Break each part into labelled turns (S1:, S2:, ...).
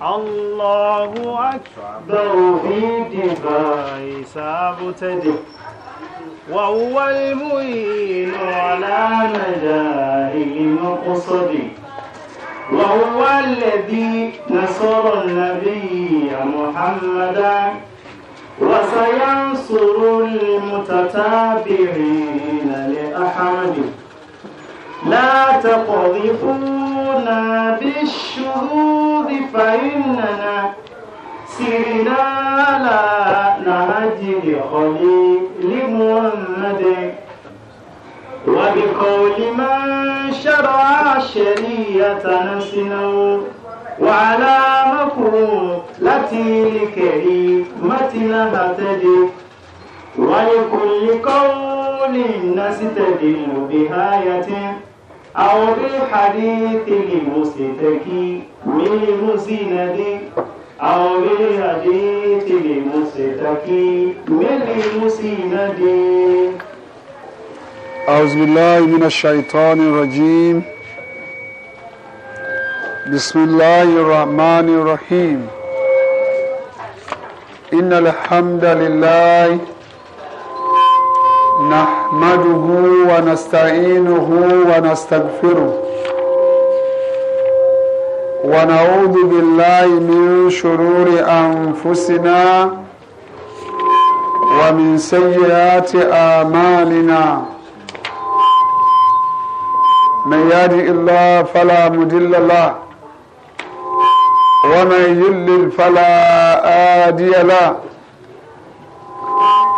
S1: Allahu akbar fi dìbà ìsáàbò tẹ́dì. Wa huwa al-mu'inu ala najai maqsadi. Wa huwa alladhi nasara an-nabiyya Muhammadan. Wa sayansuru al-mutatabi'ina li ahmadi. الأرض فإننا سرنا على نهج لخليل محمد وبقول من شرع شريعة نسنه وعلى مكروه التي لكريمتنا نهتدي ولكل قول نستدل بآية أو بالحديث لمستكي ولمزند أو بالحديث لمستكي
S2: ولمسند أعوذ بالله من الشيطان الرجيم بسم الله الرحمن الرحيم إن الحمد لله نحمده ونستعينه ونستغفره ونعوذ بالله من شرور أنفسنا ومن سيئات آمالنا من يهده الله فلا مضل له ومن يضلل فلا هادي له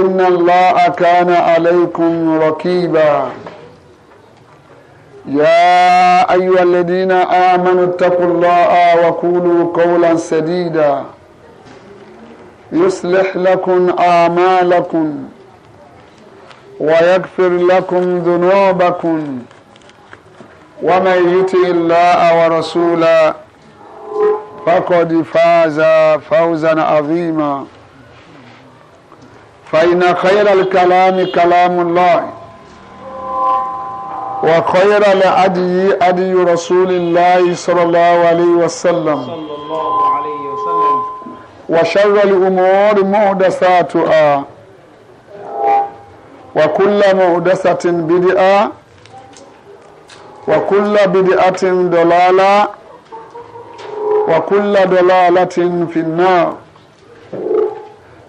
S2: إن الله كان عليكم ركيبا يا أيها الذين آمنوا اتقوا الله وقولوا قولا سديدا يصلح لكم أعمالكم ويغفر لكم ذنوبكم ومن يطع الله ورسوله فقد فاز فوزا عظيما فإن خير الكلام كلام الله وخير الأدي أدي رسول الله صلى الله عليه وسلم صلى الله عليه وسلم وشر الأمور محدثاتها وكل محدثة بدعة وكل بدعة ضلالة وكل ضلالة في النار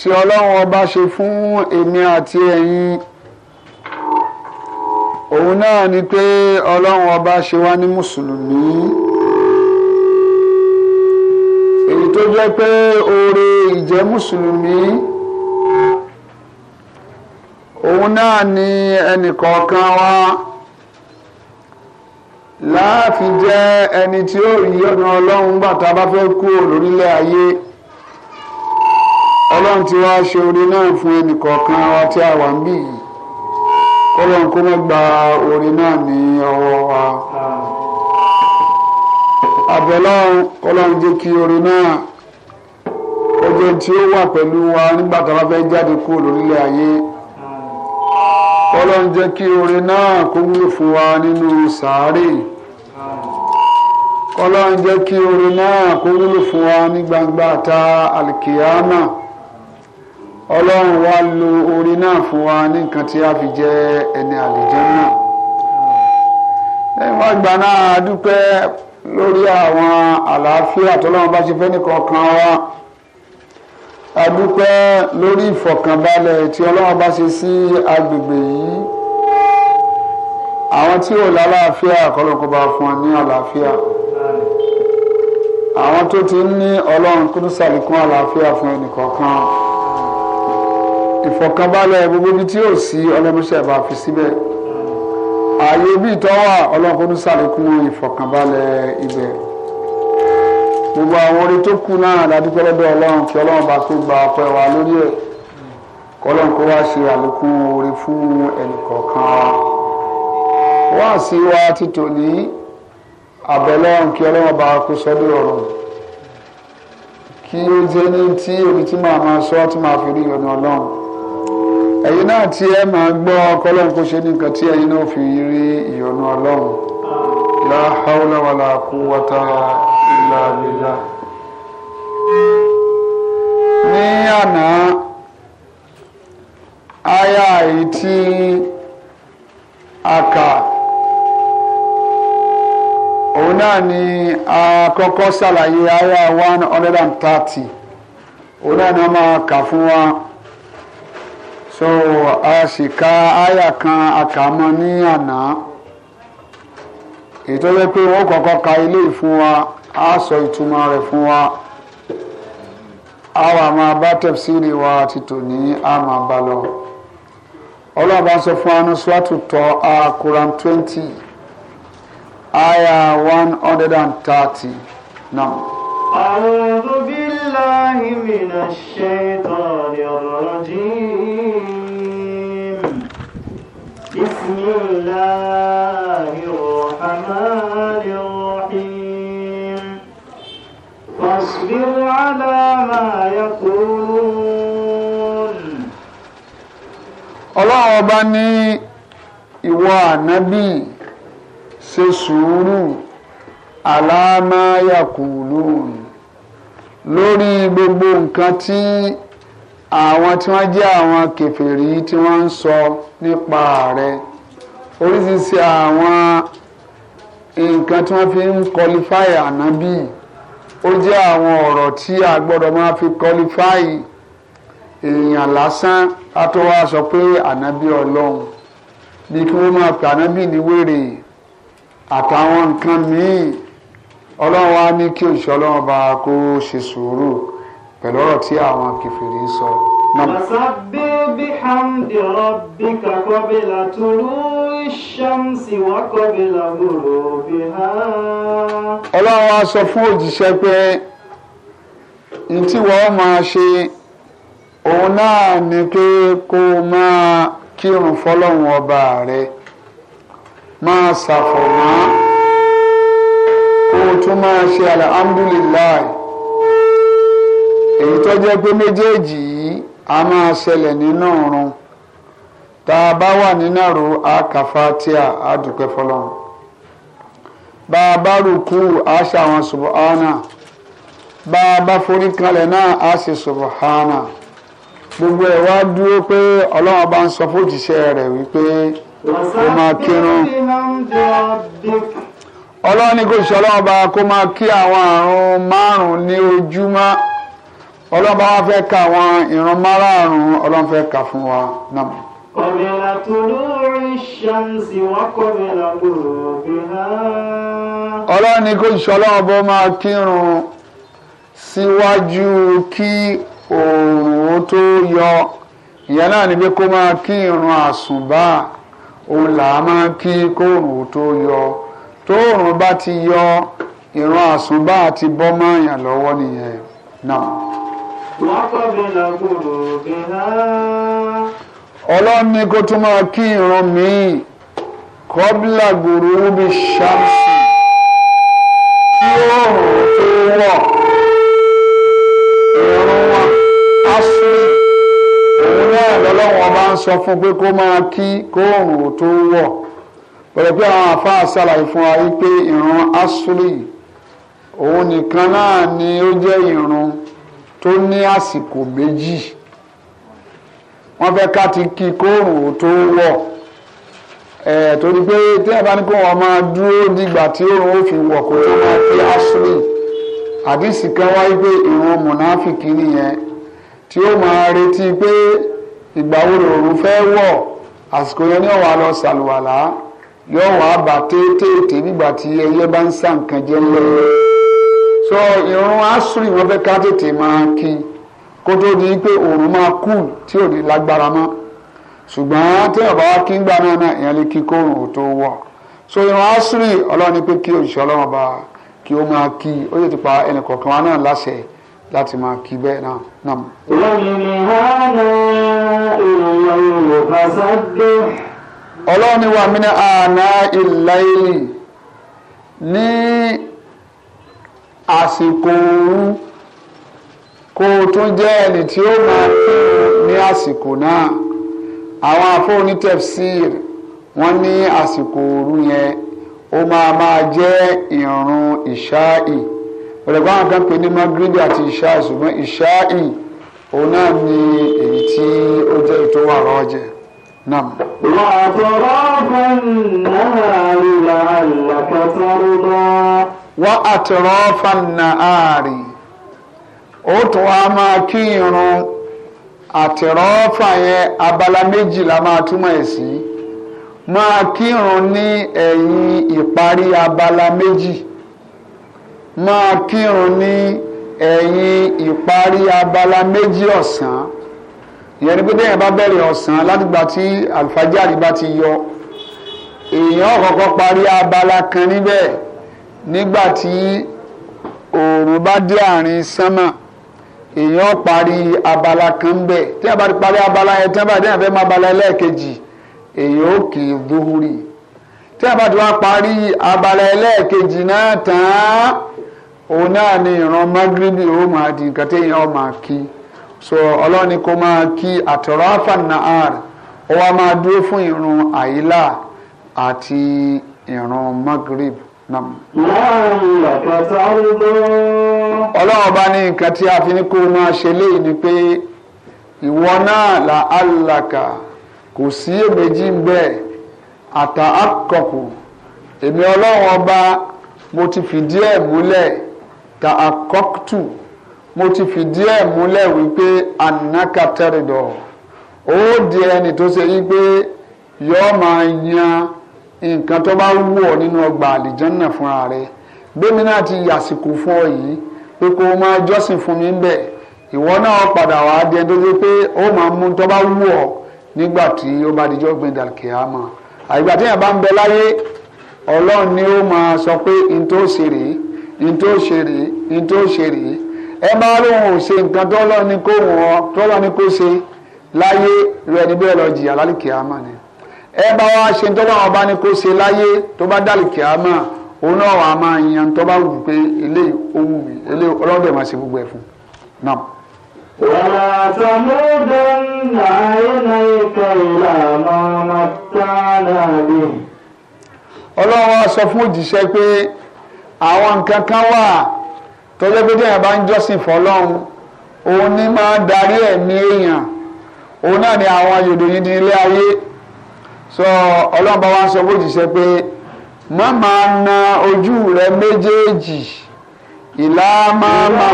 S2: tí ọlọ́run ọba ṣe fún èmi àti ẹ̀yin òun náà ni pé ọlọ́run ọba ṣe wá ní mùsùlùmí èyí tó jẹ́ pé oore ìjẹ́ mùsùlùmí òun náà ni ẹnìkọ̀ọ̀kan wa láàfin jẹ́ ẹni tí ó rí ọ̀nà ọlọ́run gbà bá fẹ́ kú lórílẹ̀ ayé ọlọ́run ti wá ṣe oore náà fún ẹnìkọ̀ọ̀kan wa tí a wà ń bì yìí kọ́lọ́run kó má gba oore náà ní ọwọ́ wa. àbẹ̀lọ́run kọ́lọ́run jẹ́ kí oore náà ọjọ́ tí ó wà pẹ̀lú wa nígbà tá a bá fẹ́ jáde kúrò lórílẹ̀ ayé ọlọ́run jẹ́ kí oore náà kó wúlò fún wa nínú sàárè ọlọ́run jẹ́ kí oore náà kó wúlò fún wa ní gbangba ta alikiyama ọlọ́run wa lo orin náà fún wa ní nǹkan tí a fi jẹ ẹni àlejò náà lẹ́yìn wá gbà náà a dúpẹ́ lórí àwọn àlàáfíà tọ́lọ́run bá ṣe fẹ́ nìkọ̀ọ̀kan wa a dúpẹ́ lórí ìfọ̀kànbalẹ̀ tí ọlọ́run bá ṣe sí agbègbè yìí àwọn tí ò lálàáfíà kọ́lọ́kọ́ bá fún wa ní àlàáfíà àwọn tó ti ń ní ọlọ́run kúndùsàlìkún àlàáfíà fún ẹnìkọ̀ọ̀kan ìfọ̀kànbalẹ̀ gbogbo ibi tí yóò sí ọlọ́mọṣẹ́ bá fi síbẹ̀ ààyè bí ìtọ́wà ọlọ́kùnrin sàlékún ìfọ̀kànbalẹ̀ ibẹ̀ gbogbo àwọn orin tó kù náà ládùúgbò lọ́dọ̀ ọlọ́run kí ọlọ́run bá tó gba ọpẹ́ wa lórí ẹ̀ kọlọ́run kó wá ṣe àlékún orin fún ẹnìkọ̀ọ̀kan wa wá sí wa ti tòní àbẹ̀lọ́run kí ọlọ́run bá kó sọ́dọ̀ ọ̀run kí ó jẹ́ ní tí èmi tí màá máa sọ tí màá fi rí ìyọnu ọlọ́run ẹ̀yin náà tí ẹ máa gbọ́ ọkọlọ́run kó ṣe nìkan tí ẹ̀yin náà fi rí ìyọ́nú ọlọ́run la hawla wala quwwata illa billah. ní àná aya yìí tí a kà òun náà ni a ṣàlàyé aya one hundred and thirty òun náà ni wọ́n máa kà fún wa. so a sì ka àyà kan àkàmọ́ ní àná èyí tó yẹ pé wọ́n kọ́kọ́ ka ilé fún wa á sọ ìtumọ̀ rẹ̀ fún wa á wà máa bá tẹ̀síìrì wa ti tò ní á máa bá lọ ọlọ́run bá sọ fún anú sùwàtú tọ́ a Quran twenty àyà one hundred and thirty
S1: أعوذ بالله من الشيطان الرجيم بسم الله الرحمن الرحيم فاصبر على ما يقولون
S2: ọlọ́run ọba ní ìwọ ànábì ṣe sùúrù alámáyàkùlùn lórí gbogbo nǹkan tí àwọn tí wọ́n jẹ́ àwọn kèfèrí tí wọ́n ń sọ nípa rẹ̀ oríṣiríṣi àwọn nǹkan tí wọ́n fi ń kọlifáì ànábì ó jẹ́ àwọn ọ̀rọ̀ tí a gbọ́dọ̀ máa fi kọlifáì èèyàn lásán a tó pé ànábì ọlọ́run bí kí wọ́n máa pè ànábì ní wèrè àtàwọn nǹkan míì ọlọ́run wa ní kí òṣìṣẹ́ ọlọ́run bá kó ṣe sùúrù pẹ̀lú ọ̀rọ̀ tí àwọn kẹfìrí ń sọ. Wàsábí
S1: bí Hamdi Rọ́bí kàkọ́bílà tòlú ìṣàmùsì wà kọ́bílà gbòòrò bí ha.
S2: Ọlọ́run wa sọ fún òjíṣẹ́ pé ní tí wọ́n máa ṣe òun náà ni pé kó máa kírun fọlọ́run ọba rẹ̀ máa ṣàfọ̀mọ́. kó o tún ṣe alhamdulilayi èyí tó jẹ́ pé méjèèjì yìí a máa ṣẹlẹ̀ nínú ọ̀run tá a bá wà nínú àrò àkàfàtíà a dúpẹ́ fọlọ́run bá a bá rúkú a ṣàwọn subhana bá a bá forí a ṣe subhana gbogbo ewa wá dúró pé ọlọ́run bá ń sọ fún òjíṣẹ́ rẹ̀ wípé ó máa ọlọ́run ní kò sí ọlọ́run bá kó máa kí àwọn àrùn márùn-ún ní ojúmọ́ ọlọ́run bá wá fẹ́ ka àwọn ìran márùn-ún ọlọ́run fẹ́ kà fún wa náà.
S1: kọ̀bìlà tó lórí ṣàǹsì wọ́n kọ̀bìlà
S2: gbòòbìlà. ọlọ́run ní kò ọlọ́run bó máa kírun síwájú kí oòrùn ó tó yọ ìyẹn náà ni kó máa kí àsùnbà òun làá máa kí kóòrùn ó tó yọ. tóòrùn bá ti yọ ìran asụba àti bọ́ mọ́ọ̀yàn lọ́wọ́ nìyẹn náà. ọlọ́run kó tún máa kí ìran míì kọ́bílà gbòòrò tó wọ̀ wa òun náà bá ń sọ fún pé tó wọ̀. pẹ̀lú pé àwọn àfáà ṣàlàyé fún wa wípé ìrun asúrì òun nìkan náà ni ó jẹ́ ìrun tó ní àsìkò méjì wọ́n fẹ́ ká ti kí kóòrùn ò tó wọ̀ ẹ̀ torí pé tí ẹ bá ní kó wọn máa dúró dìgbà tí òòrùn ó fi wọ̀ kó tó máa fi asúrì àdìsí kan wáyé pé ìrun mùnáfìkì nìyẹn tí ó máa retí pé ìgbà wo lòòrùn fẹ́ wọ̀ àsìkò yẹn ni ó wá lọ sàlùwàlá yóò wá bà téètéèté nígbà tí ẹyẹ bá ń sá nǹkan jẹ lọ́wọ́ so irun asúrì wọn fẹ́ ká tètè máa kí kó tó di pé òòrùn máa kú tí ò ní lágbára mọ́ ṣùgbọ́n tí ọ̀bá wa kí ń gbà náà náà ìyẹn lè kí kóòrùn ò tó wọ̀ so irun asúrì ọlọ́run ni pé kí òṣìṣẹ́ ọlọ́run bá kí ó máa kí ó yẹ ti pa ẹnì kọ̀ọ̀kan wa náà láṣẹ láti máa kí bẹ́ẹ̀ náà náà.
S1: lẹ́yìn ni hánà
S2: ìrìnàjò ọlọ́run ni wà mí ní àná ìlàyé ní àsìkò òru kó o tún jẹ́ ẹni tí ó máa kú ní àsìkò náà àwọn afọ́ni tefsir wọ́n ní àsìkò òru yẹn ó máa máa jẹ́ ìrun ìṣáì ọ̀dẹ̀gbọ́n àwọn kan ní magrebi àti ìṣáì ṣùgbọ́n ìṣáì òun náà ni èyí tí ó jẹ́ ìtọ́wà rọ́ọ̀jẹ̀ نعم وأتراك النهار لعلك ترضى وأتراك النهار ó tún wá máa kí irun àtẹ̀rọ́fà yẹn abala méjì la máa túmọ̀ ẹ̀ sí máa kírun ní ẹ̀yìn ìparí abala méjì máa kírun ní ẹ̀yìn ìparí abala méjì ọ̀sán ìyẹn ni pé téèyàn bá bẹ̀rẹ̀ ọ̀sán látìgbà tí àlùfájàrí bá ti yọ èèyàn kọ́kọ́ parí abala kan níbẹ̀ nígbà tí oòrùn bá dé àárín sánmà èèyàn parí abala kan bẹ̀ téèyàn bá ti parí abala yẹn tẹ́ńbà téèyàn fẹ́ máa abala ẹlẹ́ẹ̀kejì èèyàn ó kì í dúhúrì téèyàn bá ti wá parí abala ẹlẹ́ẹ̀kejì náà tán òun náà ni ìran magribi ó máa di nǹkan téèyàn máa kí i so ọlọ́ni kò máa kí àtọ̀rọ̀fà nahar ó wá máa dúró fún ìrun àyílà àti ìrun magrib nam. ọlọ́run ọba ní nǹkan tí a fi ní kó máa ṣe léyìí ni pé ìwọ náà là alàkà kò sí èméjì ń bẹ́ẹ̀ àtà àkọ̀kù èmi ọlọ́run ọba mo ti fìdí ẹ̀ múlẹ̀ ta àkọ́kùtù mo ti fìdí ẹ̀ múlẹ̀ wípé anakatẹ́rìdọ̀ ó di ẹni tó ṣe yí pé yọ́ọ́ máa yan nǹkan tó bá wù ọ́ nínú ọgbà àlìjánná fúnra rẹ̀ gbẹ́mi náà ti yàsìkò fún ọ yìí pé kó o máa jọ́sìn fún mi bẹ́ẹ̀ ìwọ náà padà wá di ẹni tó ṣe pé ó máa mú tó bá wù ọ́ nígbà tí ó bá dijọ́ gbin dàkíyàmà àgbà tí yàrá bá ń bẹ láyé ọlọ́run ni ó máa sọ pé n tó ṣe rèé n tó ṣe rèé n tó ṣe rèé ẹ bá lóun ò ṣe nǹkan tọ́lọ́ ni kó wọ́n tọ́lọ́ ni kó ṣe láyé rẹ ní bẹ́ẹ̀ lọ jìyà lálùkì àmà ni ẹ bá wá ṣe tọ́lọ́ wọn bá ní kó ṣe láyé tó bá dálùkì àmà òun náà wàá máa yan tó bá wù pé eléyìí ó wù mí eléyìí máa ṣe gbogbo ẹ̀ fún náà. ولا تمدن عينيك إلى ما متعنا به. Ọlọ́run á sọ fún òjíṣẹ́ pé àwọn nǹkan kan wà tọ́jọ́ pé téèyàn bá ń jọ́sìn fọlọ́run òun ní máa darí ẹ̀mí èèyàn òun náà ni àwọn yòdò yìí ní ilé ayé sọ ọlọ́run bá wá sọ bó ti ṣe pé má máa na ojú rẹ méjèèjì ìlà máa máa.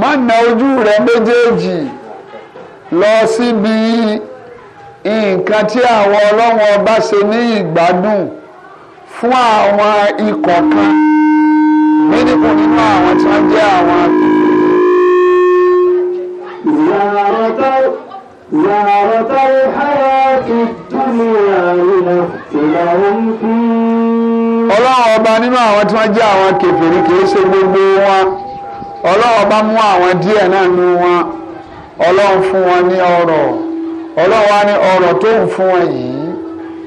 S2: má na ojú rẹ méjèèjì lọ síbi. Si nǹkan tí àwọn ọlọ́run ọba ṣe ní ìgbádùn fún àwọn ikọ̀ kan mínímù nínú àwọn tí wọ́n
S1: jẹ́ àwọn akéwì.
S2: ọba nínú àwọn tí wọ́n jẹ́ àwọn ṣe gbogbo wọn ọlọ́run ọba mú náà wọn fún ọlọ́run wa ní ọ̀rọ̀ tó ń fún ẹ yìí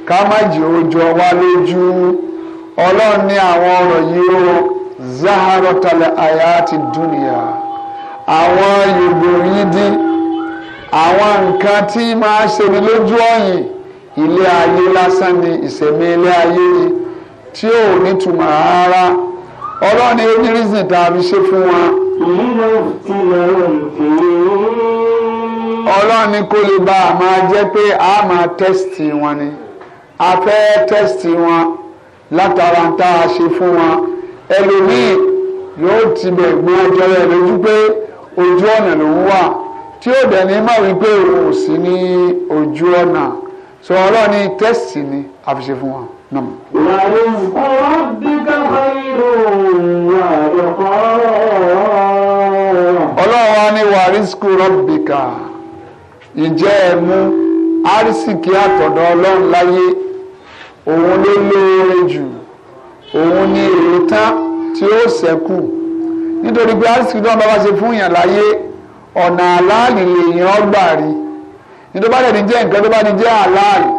S2: ká má jì ó jọ wá lójú ọlọ́run ní àwọn ọ̀rọ̀ yìí ó zaharotalẹ̀ àyà ti dúnìyà àwọn yògbò yìí dín àwọn nǹkan tí máa ṣeni lójú ọ̀yìn ilé ayé lásán ni ìṣẹ̀mí ilé ayé ni tí ò nítumọ̀ rárá ọlọ́run ní onírìsìn tá ṣe fún wa. ìlú náà ti lọ́ọ́ ìpínlẹ̀ ọlọ́run ní kó lè bá a jẹ́ pé a máa tẹ́sítì wọn ni a fẹ́ tẹ́sítì wọn látara ń tá a ṣe fún wọn ẹlòmíì yóò ti bẹ̀ gbọ́n ọjọ́ rẹ̀ lójú pé ojú ọ̀nà lòún wà tí ó dẹ̀ ní mọ̀ wípé òun ò sí ní ojú ọ̀nà sọ ọlọ́run ní tẹ́sítì ni a fi ṣe fún wọn nam. Wàlú ọ̀rọ̀dìkà fẹ́rù wàlú ọ̀rọ̀ ǹjẹ́ ẹ mú arísìkí àtọ̀dọ̀ ọlọ́run láyé òun ló lóore jù òun ni èrè tán tí ó ṣẹ́kù nítorí pé arísìkí náà bá wá ṣe fún yàn láyé ọ̀nà àláàlì lèèyàn gbà rí nítorí bá dẹ̀ni jẹ́ nǹkan tó bá ní jẹ́ àláàlì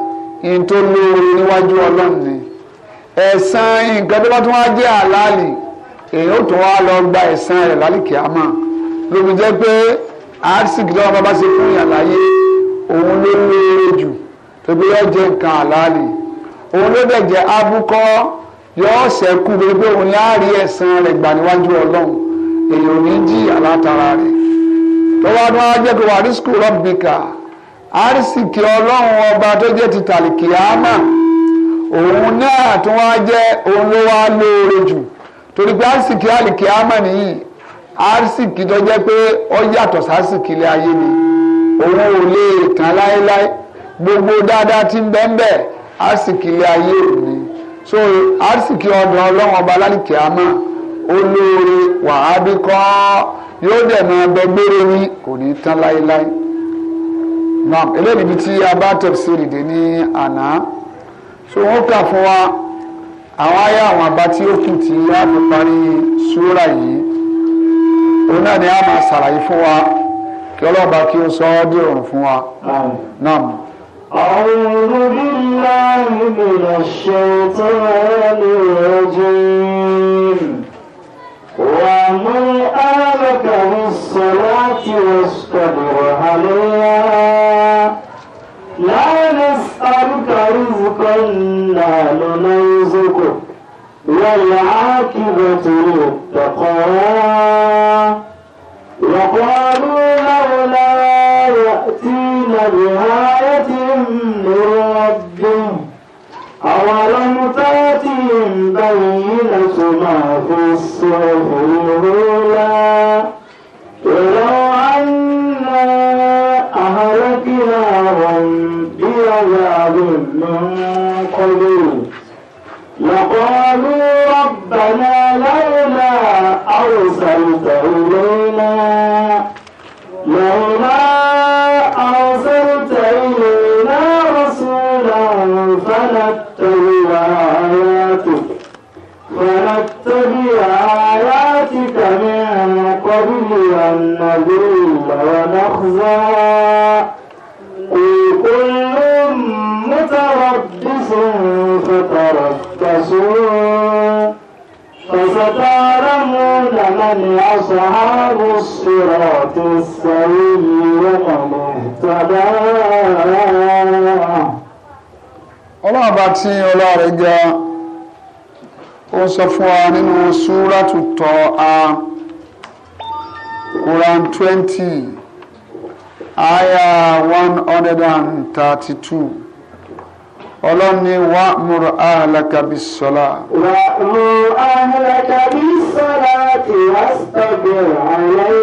S2: ní tó lóore níwájú ọlọ́run ni ẹ̀san nǹkan tó bá tún wá jẹ́ àláàlì èèyàn ó tún wá lọ gba ẹ̀san rẹ̀ lálìkí àmà lóbi jẹ́ pé arsik tí wọn bá ṣe fún yàn láyé òun ló lóore jù tóbi yóò jẹ nǹkan àlàálì òun ló dẹ̀ jẹ́ abúkọ́ yóò ṣẹ́kù gbogbo òun láàrí ẹ̀san rẹ̀ gbà níwájú ọlọ́run èyí ò ní jí àlátara rẹ̀ tọ́wọ́ adúlọ́ ajẹ́ pé wàrísíkù rọ́bìkà arísìkì ọlọ́run ọba tó jẹ́ ti tàlìkìyàmà òun náà tó wá jẹ́ òun ló wá lóore jù torí pé arísìkì àlìkìyàmà nìyí arsìkì tó jẹ́ pé ó yàtọ̀ sásìkì ilé ayé ni òun ò lè tán láéláé gbogbo dáadáa ti ń ayé ni so arsìkì ọ̀dọ̀ ọlọ́run ọba lálìkì àmọ́ olóore wàhábí kọ́ yóò dẹ̀ máa bẹ gbére ní kò ní tán láéláé náà eléyìí tí a bá tẹ̀síìrì dé ní àná so wọ́n kà fún wa àwọn ayé àwọn àbá tí ó kù tí a fi òun náà ni a máa ṣàlàyé fún wa kí ọlọ́ọ̀bá kí ó sọ ọ́ dé òrùn fún wa náà. أعوذ بالله من
S1: الشيطان الرجيم ومن آمك بالصلاة واصطبر عليها لا نسألك رزقا نحن نرزقك والعاقبة للتقوى
S2: sọ fún wa nínú súrátù tọ́ a Quran twenty aya one hundred and thirty two ọlọ́run ní wà múra ahlaka bis sọ́lá. wà
S1: múra ahlaka bis sọ́lá tí wàá sọ̀bẹ̀
S2: àlàyé.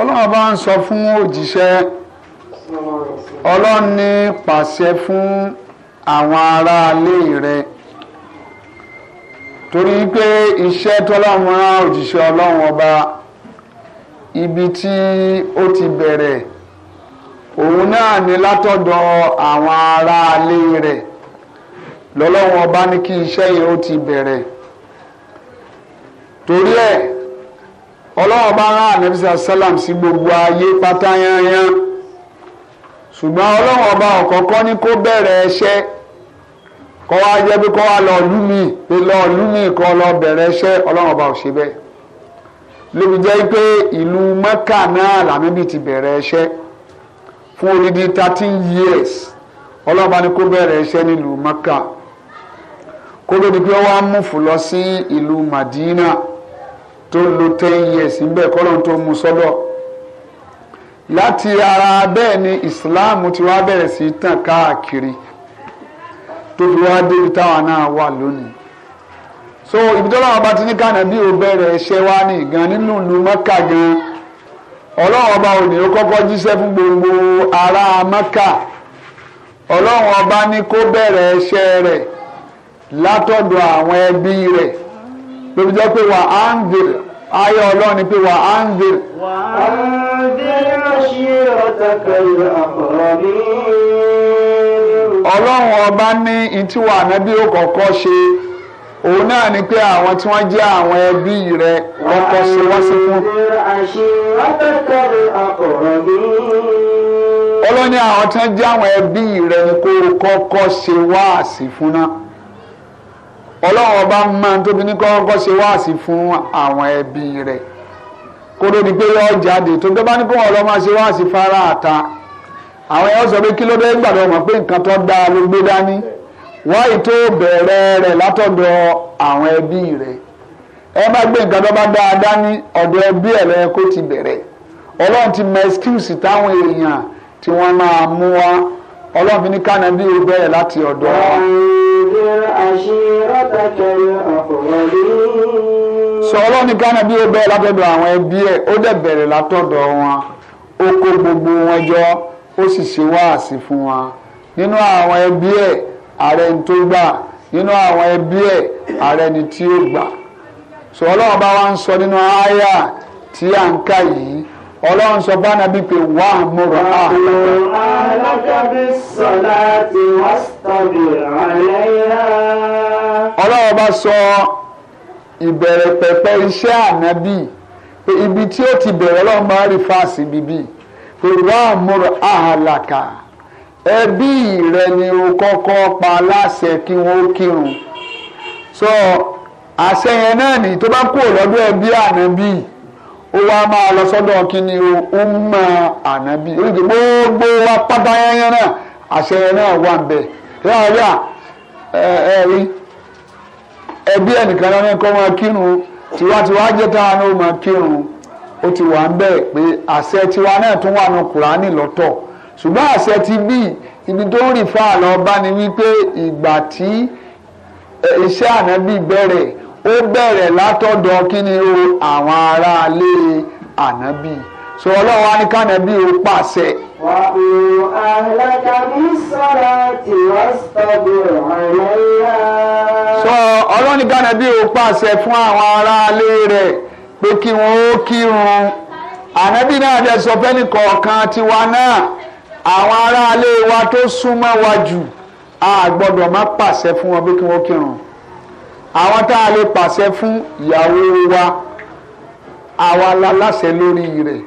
S2: ọlọ́run bá ń sọ fún òjíṣẹ́ ọlọ́run pàṣẹ fún àwọn aráalé rẹ̀ torí pé iṣẹ́ tọ́lọ́run rán òjíṣẹ́ ọlọ́run ọba ibi tí ó ti bẹ̀rẹ̀ òun náà ni látọ̀dọ̀ àwọn aráalé rẹ̀ lọ́lọ́run ọba ní kí iṣẹ́ yìí ó ti bẹ̀rẹ̀ torí ẹ̀ ọlọ́run ọba rán ànẹ́bísà sálàm sí gbogbo ayé pátá yányán ṣùgbọ́n ọlọ́run ọba ọ̀kọ̀ọ̀kan ní kó bẹ̀rẹ̀ ẹṣẹ́ kọ́ wá jẹ́ pé kọ́ wá lọ lú mi pé lọ lú mi kọ́ lọ bẹ̀rẹ̀ iṣẹ́ ọlọ́run ọba ò ṣe bẹ́ẹ̀ lóbi jẹ́ pé ìlú mẹ́kà náà làmíbi ti bẹ̀rẹ̀ iṣẹ́ fún odidi thirteen years ọlọ́run ọba ni kó bẹ̀rẹ̀ iṣẹ́ nílùú mẹ́kà kó ló pé wọ́n á mú fù lọ sí ìlú Madina tó lo ten years níbẹ̀ kọ́lọ́n tó mú sọ́dọ̀ láti ara bẹ́ẹ̀ ni Islam ti wá bẹ̀rẹ̀ sí tàn káàkiri. tó fi táwa náà so ibi ọba ti ní kànáà bí o bẹ̀rẹ̀ wa ní gan nínú ìlú mẹ́kà gan ọlọ́run ọba ó kọ́kọ́ jíṣẹ́ gbogbo ará mẹ́kà ọlọ́run ọba ní kó bẹ̀rẹ̀ ẹṣẹ́ rẹ̀ látọ̀dọ̀ àwọn ẹbí rẹ̀ wà á ń wà á ọlọ́run ọba ní ìtiwà ànábí ó kọ́kọ́ ṣe òun náà ni pé àwọn tí wọ́n jẹ́ àwọn ẹbí rẹ̀ wọ́n kọ́ sí wọ́n sí fún. ọlọ́ni àwọn tí wọ́n jẹ́ àwọn ẹbí rẹ̀ ni kó kọ́kọ́ ṣe wáàsí fún náà ọlọ́run ọba máa ń tóbi ní kọ́kọ́ ṣe wáàsí fún àwọn ẹbí rẹ̀ kó ló di pé yọ jáde tó gbé bá ní kó wọn lọ máa ṣe wáàsí fara àta. àwọn yẹn sọ pé kí ló dé gbàdọ̀ mọ̀ pé nǹkan tó dáa ló gbé dání wáyé tó bẹ̀rẹ̀ rẹ̀ látọ̀dọ̀ àwọn ẹbí rẹ̀ ẹ má gbé nǹkan tó bá dáa dání ọ̀dọ̀ ẹbí ẹ̀ lẹ́yìn kó ti bẹ̀rẹ̀ ọlọ́run ti mọ excuse táwọn èèyàn tí wọ́n máa mú wá ọlọ́run ní kánẹ́bí ó bẹ̀rẹ̀ láti ọ̀dọ̀ sọ ọlọ́run ní kánẹ́bí ó bẹ̀rẹ̀ látọ̀dọ̀ àwọn ẹbí ẹ̀ ó dẹ̀ bẹ̀rẹ̀ látọ̀dọ̀ wọn ó kó gbogbo wọn jọ ó sì ṣe wáàsí fún wa nínú àwọn ẹbí ẹ̀ ààrẹ ni tó gbà nínú àwọn ẹbí ẹ̀ ààrẹ ni tí ó gbà sọ ọlọ́run bá wa ń sọ nínú àyà tí à ń kà yìí ọlọ́run sọ bá nàbí pé wà á múra ti wá sọ̀bì àlẹ́yà. ọlọ́run bá sọ ìbẹ̀rẹ̀ pẹ̀pẹ̀ iṣẹ́ ànábì pé ibi tí ó ti bẹ̀rẹ̀ ọlọ́run máa rí fáàsì bíbí pé wàá múra àhàlàkà ẹbí rẹ ni o kọ́kọ́ pa láṣẹ kí wọ́n kírun sọ àṣẹ yẹn náà ni tó bá kúrò lọ́dọ̀ ẹbí ànábì ó wá máa lọ sọ́dọ̀ kíni o ó mọ ànábì ó gbogbo wa pátá yẹn náà àṣẹ yẹn náà wà ń bẹ yàrá yà ẹ ẹ rí ẹbí ẹnìkan náà ní kọ́ máa kírun tiwantiwa jẹ́ tá a náà máa kírun ó ti wà ń bẹ́ẹ̀ pé àṣẹ tiwa náà tún wà ní kùránì lọ́tọ̀ ṣùgbọ́n àṣẹ ti bí ibi tó rì fà lọ bá ni wípé ìgbà tí iṣẹ́ ànábì bẹ̀rẹ̀ ó bẹ̀rẹ̀ látọ̀dọ̀ kí ni o àwọn aráalé ànábì so ọlọ́run á ní kànábì ó pàṣẹ.
S1: wà á kú tí wọ́n sọ̀bù ọ̀rẹ́ yá.
S2: sọ ọlọ́run kànábì ó pàṣẹ fún àwọn aráalé rẹ̀ pé kí wọn ó kírun ànábì náà dẹ̀ sọ fẹ́ni kọ̀ọ̀kan tiwa náà àwọn aráalé wa tó súnmọ́ wa jù a gbọ́dọ̀ má pàṣẹ fún wọn pé kí wọn kírun àwọn tá a lè pàṣẹ fún ìyàwó wa àwa la láṣẹ lórí rẹ̀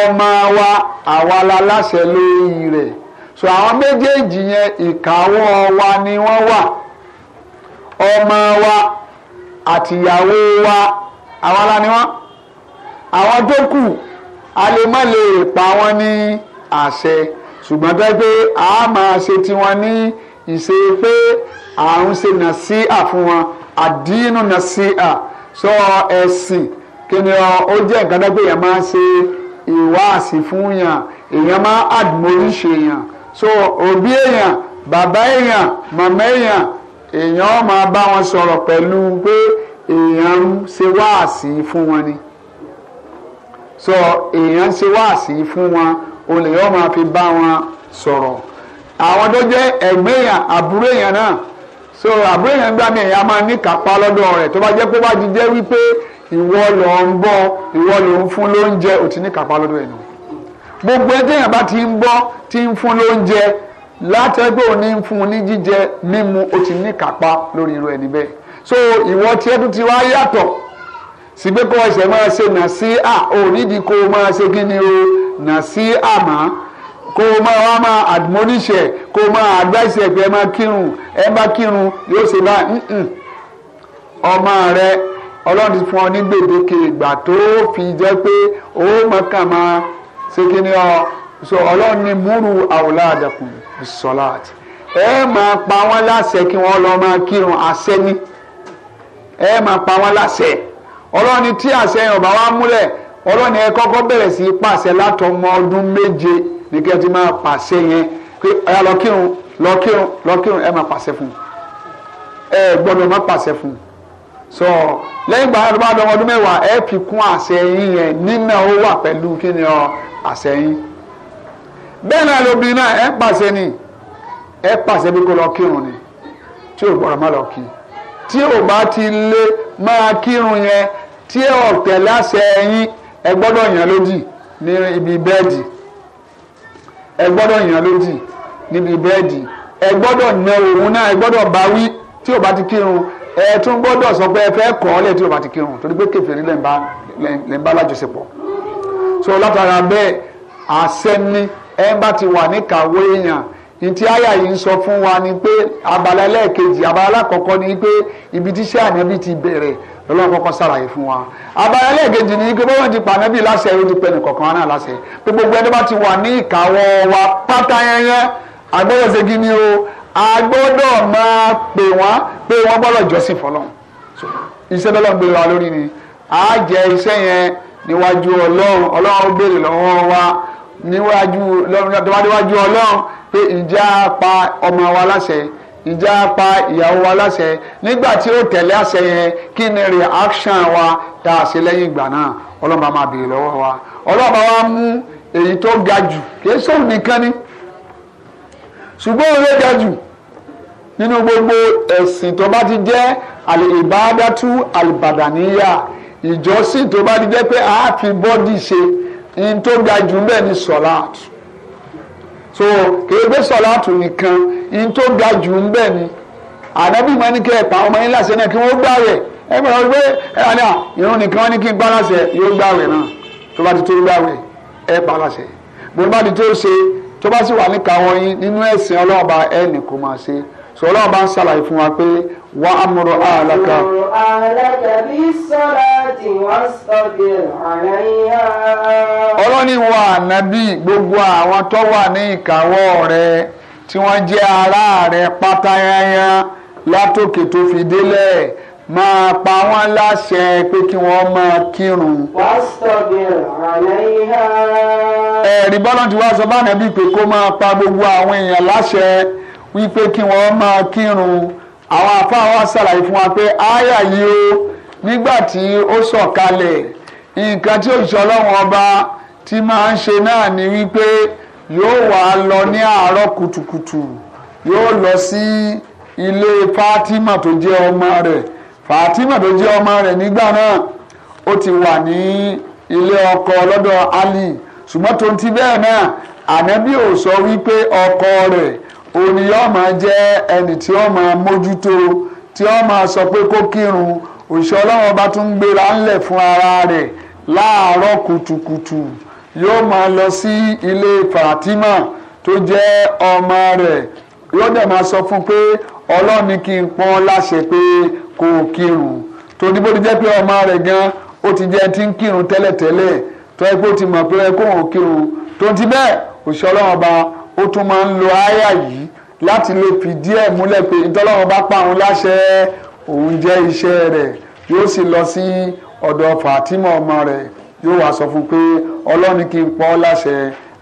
S2: ọmọ wa àwa la láṣẹ lórí rẹ̀ so àwọn méjèèjì yẹn ìkáwọ́ wa ni wọ́n wà ọmọ wa àtìyàwó wa àwọn ala ni wọ́n àwọn tó kù a lè má lè pa wọ́n ní àṣẹ ṣùgbọ́n tó a máa ṣe tiwọn ní ìṣe pé à ń ṣe nà sí à fún wọn àdínú nà sí à sọ ẹ̀sìn kí ni ó jẹ́ nǹkan tó pé máa ṣe ìwáàsí fún yàn èèyàn máa ń admonish èèyàn so òbí èèyàn bàbá èèyàn màmá èèyàn èèyàn máa bá wọn sọ̀rọ̀ pẹ̀lú pé èèyàn ń ṣe wáàsí fún wọn ni sọ èèyàn ń ṣe wáàsí fún wọn olè yóò máa fi bá wọn sọ̀rọ̀ àwọn tó jẹ́ ẹ̀gbẹ́ èèyàn àbúrò èèyàn náà so àbúrò èèyàn gbá mi èèyàn máa ní kápá lọ́dọ̀ rẹ̀ tó bá jẹ́ pé ó bá ti jẹ́ wípé ìwọ ló ń bọ́ ìwọ ló ń fún lóúnjẹ ò ti ní kápá lọ́dọ̀ ẹ̀ nù gbogbo ẹ téèyàn bá ti ń bọ́ ti ń fún lóúnjẹ látẹ́gbẹ́ òní ń fún ní jíjẹ mímu ó ti ní kápá lórí irú ẹni bẹ́ẹ̀ so ìwọ tí ẹ tún ti wá yàtọ̀ sí pé kó ẹsẹ̀ máa ṣe nà sí à ò nídìí kó o máa ṣe kí ni o nà sí àmọ́ kó o máa wá máa admonish ẹ kó o máa advice ẹ pé ẹ máa kírun ẹ bá kírun yóò ṣe bá ọmọ rẹ ọlọ́run ti fún ọ ní gbèdéke ìgbà tó fi jẹ́ pé ó mọ̀ọ́kà máa ṣe kí ni ọ so ọlọ́run ní múrù àwòlá àdàkùn sọ́láàtì ẹ máa pa wọ́n láṣẹ kí wọ́n lọ máa kírun àṣẹ ni ẹ ma pa wọ́n láṣẹ ọlọ́ni tí àṣẹ yẹn ọba wa múlẹ̀ ọlọ́ni ẹ kọ́kọ́ bẹ̀rẹ̀ sí í pàṣẹ látọmọ ọdún méje ní kí ẹ ti máa pàṣẹ yẹn pé ọ̀yà lọ kírun lọ kírun lọ kírun ẹ máa pàṣẹ fún un ẹ gbọ́dọ̀ má pàṣẹ fún un so lẹ́yìn gbàgbọ́ tó bá dọ́mọ ọdún mẹ́wàá ẹ fi kún àṣẹ yín yẹn nínà ó wà pẹ̀lú kí ni ọ àṣẹ yín bẹ́ẹ̀ náà lóbìnrin náà ẹ pàṣẹ ni ẹ pàṣẹ bí kò lọ ni tí ò gbọ́dọ̀ má lọ tí ò bá ti lé máa kírun yẹn tí ọ̀tẹ̀ láṣẹ yín ẹ gbọ́dọ̀ yàn lódì ní ibi bẹ́ẹ̀dì ẹ gbọ́dọ̀ yàn lódì níbi bẹ́ẹ̀dì ẹ gbọ́dọ̀ nà òun náà ẹ gbọ́dọ̀ bá wí tí ò bá ti kírun ẹ tún gbọ́dọ̀ sọ pé ẹ fẹ́ kọ́ ọ́ lẹ̀ tí ò bá ti kírun torí pé kèfèrí lẹ́ ń bá lájọṣepọ̀ so látara bẹ́ẹ̀ àṣẹ ni ẹ bá ti wà níkàwé èèyàn ntí àyà yìí ń sọ fún wa ni pé abala ẹlẹ́ẹ̀kejì abala alákọ̀ọ́kọ́ ni pé ibi tí iṣẹ́ ànábì ti bẹ̀rẹ̀ lọ́lọ́run kọ́kọ́ sàlàyé fún wa abala ẹlẹ́ẹ̀kejì ni pé bọ́wọ́n ti pànábì láṣẹ ó ti pẹ́ nìkọ̀ọ̀kan náà láṣẹ pé gbogbo ẹni bá ti wà ní ìkàwọ́ wa pátá yẹnyẹn agbọ́dọ̀ ṣe o agbọ́dọ̀ máa pè wọ́n pé wọ́n gbọ́dọ̀ jọ́sìn fọlọ́run iṣẹ́ bẹ́ẹ̀ ni àá jẹ iṣẹ́ yẹn níwájú lọ́dọ̀wájú ọlọ́run pé ìjà pa ọmọ wa láṣẹ ìjà pa ìyàwó wa láṣẹ nígbà tí ó tẹ̀lé àṣẹ yẹn kí ni reaction wa tá a ṣe lẹ́yìn ìgbà náà ọlọ́run bá máa béèrè lọ́wọ́ wa ọlọ́run wa mú èyí tó ga jù kìí sóhun nìkan ni ṣùgbọ́n òun ló ga jù nínú gbogbo ẹ̀sìn tó bá ti jẹ́ àlìbádátú àlìbàdàníyà ìjọsìn tó bá ti jẹ́ pé a fi bọ́dì ṣe in tó ga jù bẹ́ẹ̀ ni sọ̀láàtù so kéègbé sọ̀láàtù nìkan in tó ga jù bẹ́ẹ̀ ni ànábì máa ní kí ẹ pa ọmọ yín láṣẹ náà kí wọ́n gbà rẹ̀ ẹ bẹ̀rẹ̀ wọ́n gbé ẹ wà ní à irun nìkan wọ́n ní kí n pa láṣẹ yóò gbà rẹ̀ náà tó bá ti tó gbà rẹ̀ ẹ pa láṣẹ bó bá ti tó ṣe tó bá sì wà níkàáwọ́ yín nínú ẹ̀sìn ọlọ́ọ̀ba ẹ nìkan máa ṣe sọ ń ṣàlàyé fún wa pé وأمر أهلك وأمر
S1: أهلك بالصلاة واصطبر عليها ọlọ́ni wa gbogbo àwọn tó wà ní
S2: ìkáwọ́ rẹ tí wọ́n jẹ́ ara rẹ pátáyáyá latoke to fi ma pe kí
S1: واصطبر عليها.
S2: ẹ̀rí wá sọ bá pé kó máa pa gbogbo àwọn èèyàn láṣẹ wípé kí wọ́n máa kírun. àwọn àfáà wa ṣàlàyé fún wa pé àyà yìí ó nígbà tí ó sọ̀kalẹ̀ nǹkan tí òṣìṣẹ́ ọlọ́run ọba ti máa ń ṣe náà ni wípé yóò wá lọ ní àárọ̀ kùtùkùtù yóò lọ sí ilé Fatima tó jẹ́ ọmọ rẹ̀ Fatima tó jẹ́ ọmọ rẹ̀ nígbà náà ó ti wà ní ilé ọkọ lọ́dọ̀ Ali ṣùgbọ́n tó ń ti bẹ́ẹ̀ náà ànábì ò sọ wípé ọkọ rẹ̀ òní yóò máa jẹ́ ẹni tí ó máa mójútó tí ó máa sọ pé kó kírun òṣìṣẹ́ ọlọ́run ọba tún ń gbéra ńlẹ̀ fún ara rẹ̀ láàárọ̀ kùtùkùtù yóò máa lọ sí ilé Fatima tó jẹ́ ọmọ rẹ̀ yóò dẹ̀ máa sọ fún pé ọlọ́run ní kí n pọ́n láṣẹ pé kó kírun torí bó ti jẹ́ pé ọmọ rẹ̀ gan ó ti jẹ́ ti ń kírun tẹ́lẹ̀tẹ́lẹ̀ tó yẹ kó ti mọ̀ pé kóun kírun tó ti bẹ́ẹ̀ òṣìṣẹ́ ọlọ́run ọba ó tún máa ń lo àyà yìí láti lè fi díẹ̀ múlẹ̀ pé ìtọ́lọ́run bá pa òun láṣẹ òun jẹ́ iṣẹ́ rẹ̀ yóò sì lọ sí ọ̀dọ̀ Fàtímọ̀ ọmọ rẹ̀ yóò wá sọ fún pé ọlọ́run kì í pọ́ láṣẹ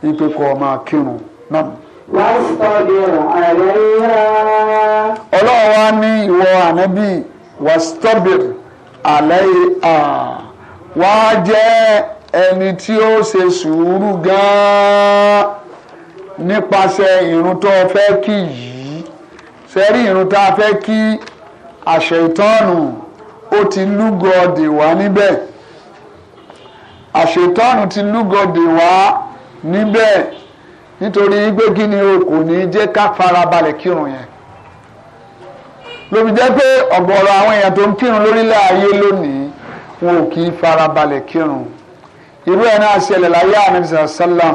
S2: ipe kọ́ ọmọ kírun náà. ọlọ́run wa ní ìwọ ànábì wàstọ́bìr àlẹ́ à wá jẹ́ ẹni tí ó ṣe sùúrù gan-an nípasẹ̀ irun tó fẹ́ kí yìí sẹ́rí irun tá a fẹ́ kí àṣẹ ìtọ́nù ó ti lúgọ̀ọ́dè wá níbẹ̀ àṣetọ́nù ti lúgọ̀dè wá níbẹ̀ nítorí pé kí ni o kò ní jẹ́ ká farabalẹ̀ kírun yẹn lóbi jẹ́ pé ọ̀gọ̀ọ̀rọ̀ àwọn èèyàn tó ń kírun lórílẹ̀ ayé lónìí wọn ò kì í farabalẹ̀ kírun irú ẹ̀ náà ṣẹlẹ̀ láyé ànábìsà sálàm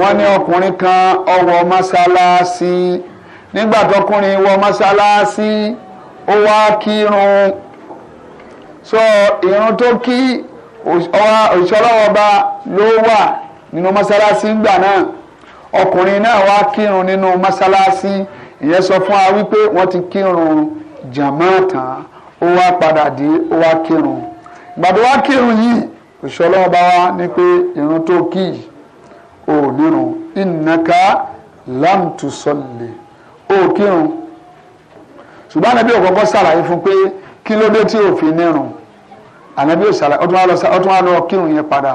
S2: wọ́n ní ọkùnrin kan ọwọ́ mọ́sálásí nígbà tọkùnrin wọ mọ́sálásí ó wá kírun sọ irun tó kí òṣìṣọ́lọ́wọ́ba ló wà nínú mọ́sálásí ńgbà náà ọkùnrin náà wá kírun nínú mọ́sálásí ìyẹn sọ fún wa wípé wọ́n ti kírun jàmáà ó wá padà dé ó wá kírun gbàdúrà kírun yìí òṣìṣọ́lọ́wọ́ bá wá ní pé irun tó kì í ò nírun ìnàka lámtùsọ̀lẹ̀ ò kírun ṣùgbọ́n ànábì ò kọ́kọ́ ṣàlàyé fún pé kí ló dé tí ò fi nírun ànábì ò ṣàlàyé ọtún wá lọ kírun yẹn padà